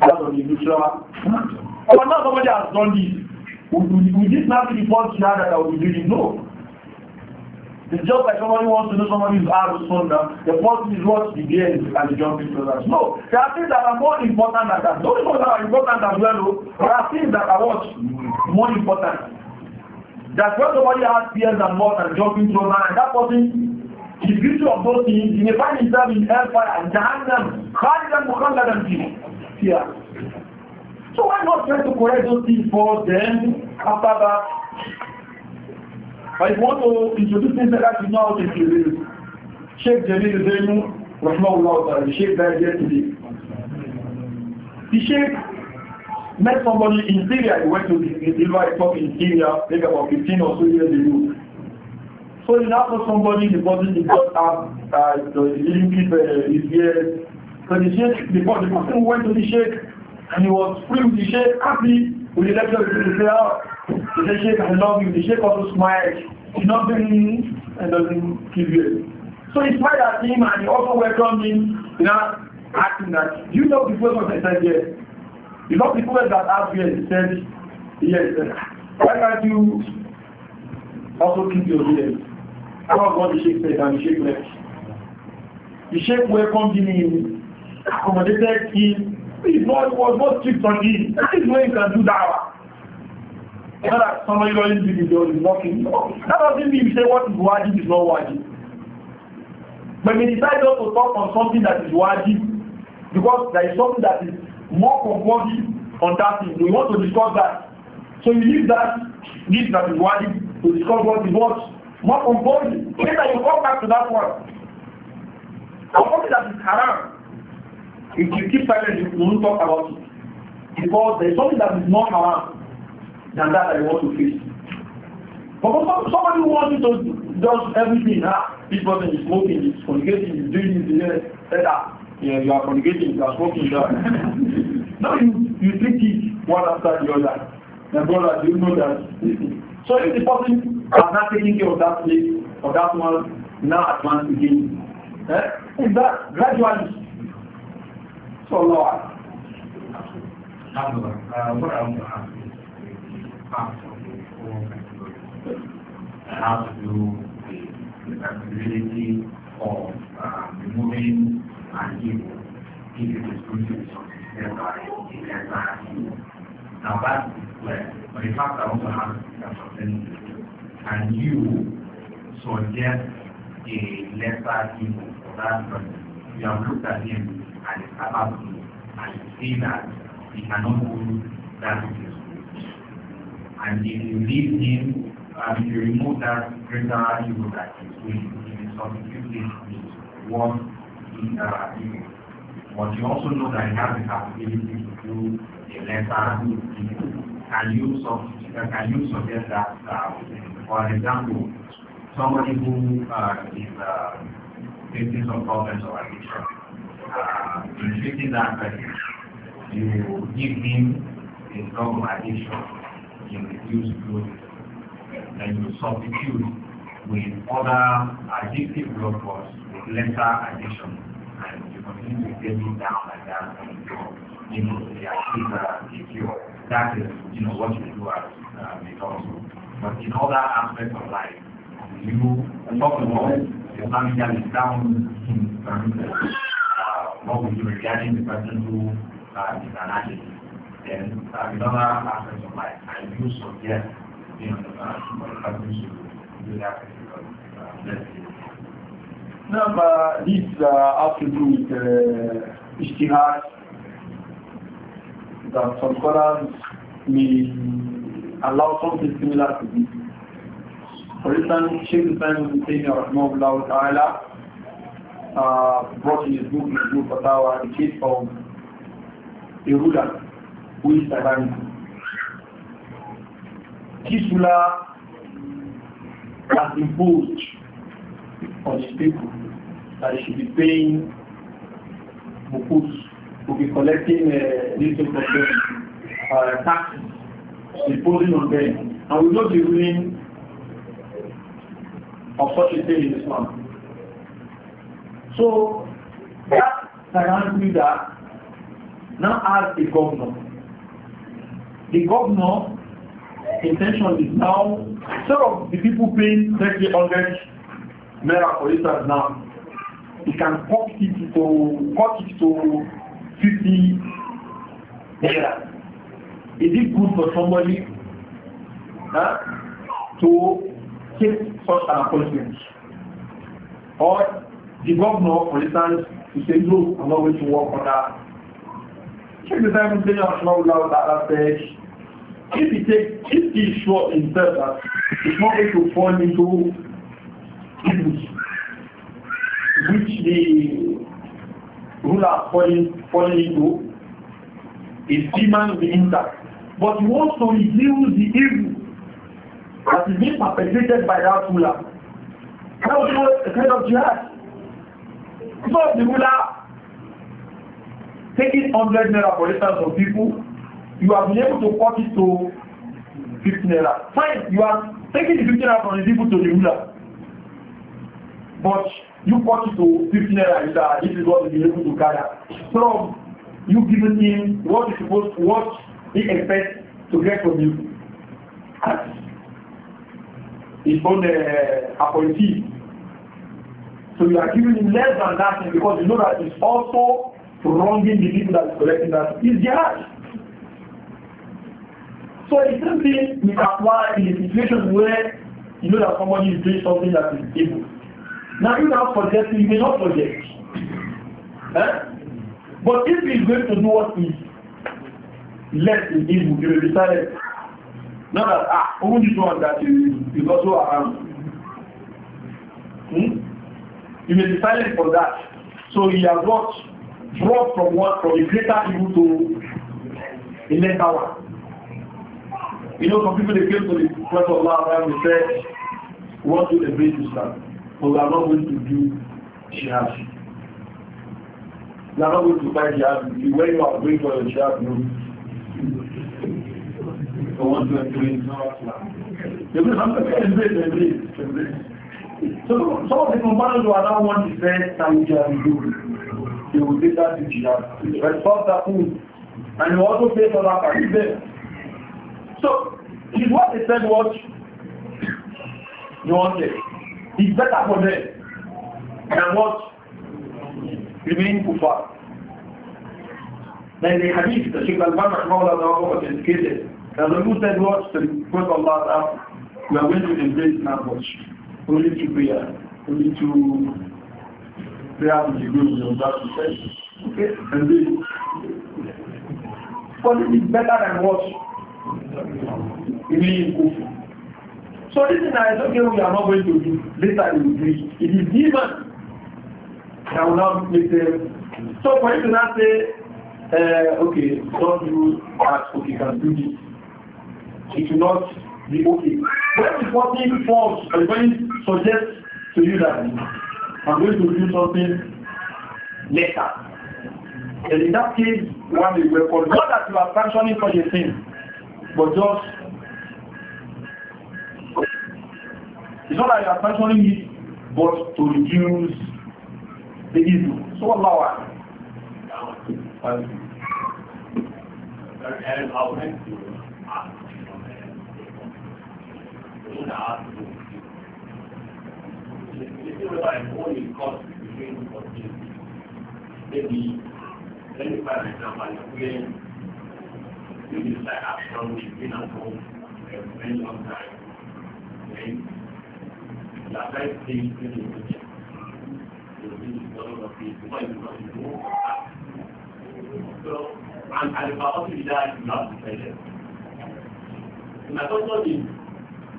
That's on the neutral. But now somebody has done this. Would, would, would this not be the first jihad that I will be doing? No. It's just like somebody wants to know somebody who's out of sunnah. The person is what he hears and the jump into that. No, there are things that are more important than that. Those things are important as well. Oh. There are things that are what? More important. That when somebody has fears and more than jumping through that, and that person, the beauty of those things, he may find himself in hellfire and jahannam, khalidan mukhalladan fear. So why not try to correct those things for them after that? I want to introduce things that you know if you Sheikh Jalil Zainu, Rahmahullah Ta'ala, the Sheikh died today. The Sheikh met somebody in Syria, he went to deliver a talk in Syria, maybe about 15 or so years ago. So he asked for somebody, the person he got up, uh, uh the living people, uh, his ears. So the Sheikh, the, the person went to the Sheikh, and he was free with the Sheikh, happy with the lecture, he said, ah, They say, Sheikh, I love you. The Sheikh also smiled. He nothing and doesn't give you. So he smiled at him and he also welcomed him, you know, acting that, do you know the person? I said, yes. You know the person that asked here, he said, yes. Why can't you also keep your beard? That was what the Sheikh said and the Sheikh left. The Sheikh welcomed him in, accommodated him. He was not strict on him. That is why you can do that. It's not that somebody doesn't do the job is working. That doesn't mean you say what is wajib is not wajib. But we decide not to talk on something that is wajib because there is something that is more compulsory on that thing. We want to discuss that. So you leave that this that is wajib to discuss what is what more compulsory. Later you come back to that one. And something that is haram, if you keep silent, you will not talk about it. Because there is something that is not haram than that I want to face. But for somebody who wants to does everything, ah, this person is smoking, is fornicating, is doing this, that, that. Yeah, you are congregating, you are smoking, you [laughs] no, you, you take it one after the other. The brother, you know that. So if the person has not taken care of that place, or that one, now at advance again. Eh? Is that gradually? So, Lord. Uh, what I want to ask part uh, How to do the responsibility of uh, removing an evil if it is going to be succeeded by the entire evil. Now that is where, but the fact also have a and you suggest a lesser evil for that person? You have looked at him and his capacity and you see that he cannot do that which is and if you leave him, and you remove that greater evil that he's doing, you will substitute it with what is uh, evil. But you also know that he has the capability to do a lesser evil. Can you, uh, can you suggest that, uh, for example, somebody who uh, is uh, facing some problems or addiction, uh, in treating that person, you give him a drug addiction you reduce blood then you substitute with other addictive blood clots with lesser addiction and you continue to get it down like that and you know they achieve a cure. That is, you know, what you do as um, it also. But in other aspects of life, you talk about Islamic that is down in parameters. Uh, what would you regarding the person who uh, is an addict? then another aspect of life and use of death being on to do that particular uh, Now, but this uh, has to do with uh, ishtihad that some scholars may allow something similar to this. For instance, Sheikh Hussain Hussein Rahmanullah Ta'ala uh, brought in his book, book Fatawa, the case of a ruler Oríṣàbárí. Kisula has imposed on the people that should be paying Mukus to be collecting uh, newspaper uh, taxes, imposing on them. And we know the ruling of such a thing in this one. So that can that now has a governor the governor intention is now instead of the people paying 300 naira for instance now he can cut it to cut it to 50 naira is it good for somebody huh, to take such an appointment or the governor for instance to say no i'm not going to work on that check the time and say i'm not allowed that that If he takes, if he is sure himself that he's not going to fall into evils, which the ruler falling, falling into, is demon will be intact. But he wants to reduce the evil that is being perpetrated by that ruler. That was a kind of jihad. Because the ruler taking 100 naira for instance of people you have been able to cut it to 50 naira. Fine, you are taking the 50 naira from the people to the ruler. But you cut it to 50 naira is that ah, this is what you'll be able to gather. From you giving him what he supposed to what he expects to get from you. As his own uh, appointee. So you are giving him less than that because you know that it's also wronging the people that is collecting that. It's jihad. So it simply we apply in a situation where you know that somebody is doing something that is evil. Now you now forget, you may not forget. Eh? But if he is going to do what is less in evil, you will be silent. Not that, ah, only this one that is also around. Hmm? You may be silent for that. So he has not dropped from what from a greater evil to a lesser one. You know, some people, they came to the Prophet of Allah and they said, what do the basis stand? But we are not going to do jihad. We are not going to fight jihad. When you are going for your jihad, no. So one, two, and three, no, They will "Something, to embrace, embrace, So some of the companions who are now want to say, can jihad do? They will take that to jihad. Respect that food. And you also pay for that. So, is what they said what you wanted. It's better for them than what remaining kuffar. Then the hadith, the Sheikh Al-Ban was indicated, that the Prophet said what to the Prophet Allah we are going to embrace now what? Only to prayer, only to prayer to the group, you know, that's what he Okay? And this. But it is better than what? really important. So this is not okay, we are not going to do. Later you will it. is given, that will not make them. So for you to not say, uh, okay, don't do that, okay, can do this. It will not be okay. When the person forms, I'm going to suggest to you that I'm going to do something later. And in that case, one will welcome. God that you are sanctioning for your thing. But just, it's not that you are sanctioning it, but to reduce the evil. So Allah. Um, Maybe 25 example, do this like action we've been at home for a very long time. Okay? The advice thing is to do this. So this one of the why you want to do that. So, and at the faculty that you have decided. And I also mean,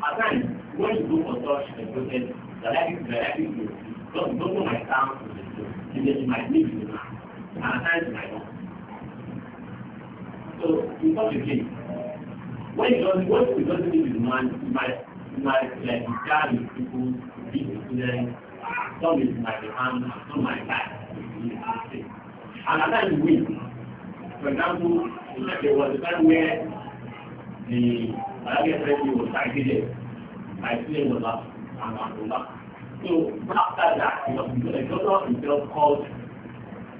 at times, when you go for such a project, the likelihood the likelihood is because you don't know my sound, you might need you now. And at times you might not. So it's not the case. When you do not when you do not meet his man, he might, he might like regard his people, his students, some is might be harmed, some might die. And at times we, for example, there was a time where the Arabian Treasury was targeted by Suleim Ola and Abdullah. So after that, because the governor himself called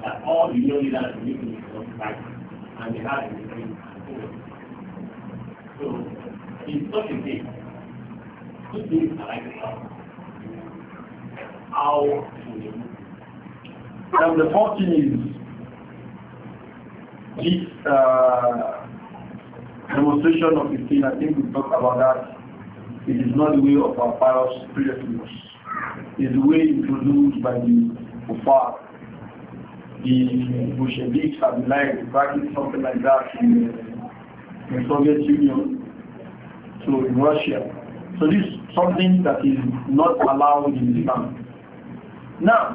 that all the young leaders need to be right and they had a degree. So it's such a thing. Two things I like to how to And the fourth thing is this uh, demonstration of the thing, I think we talked about that. It is not the way of our pious predecessors. It is the way introduced by the Kufar the Bolsheviks have like practiced something like that in the Soviet Union, so in Russia. So this is something that is not allowed in Islam. Now,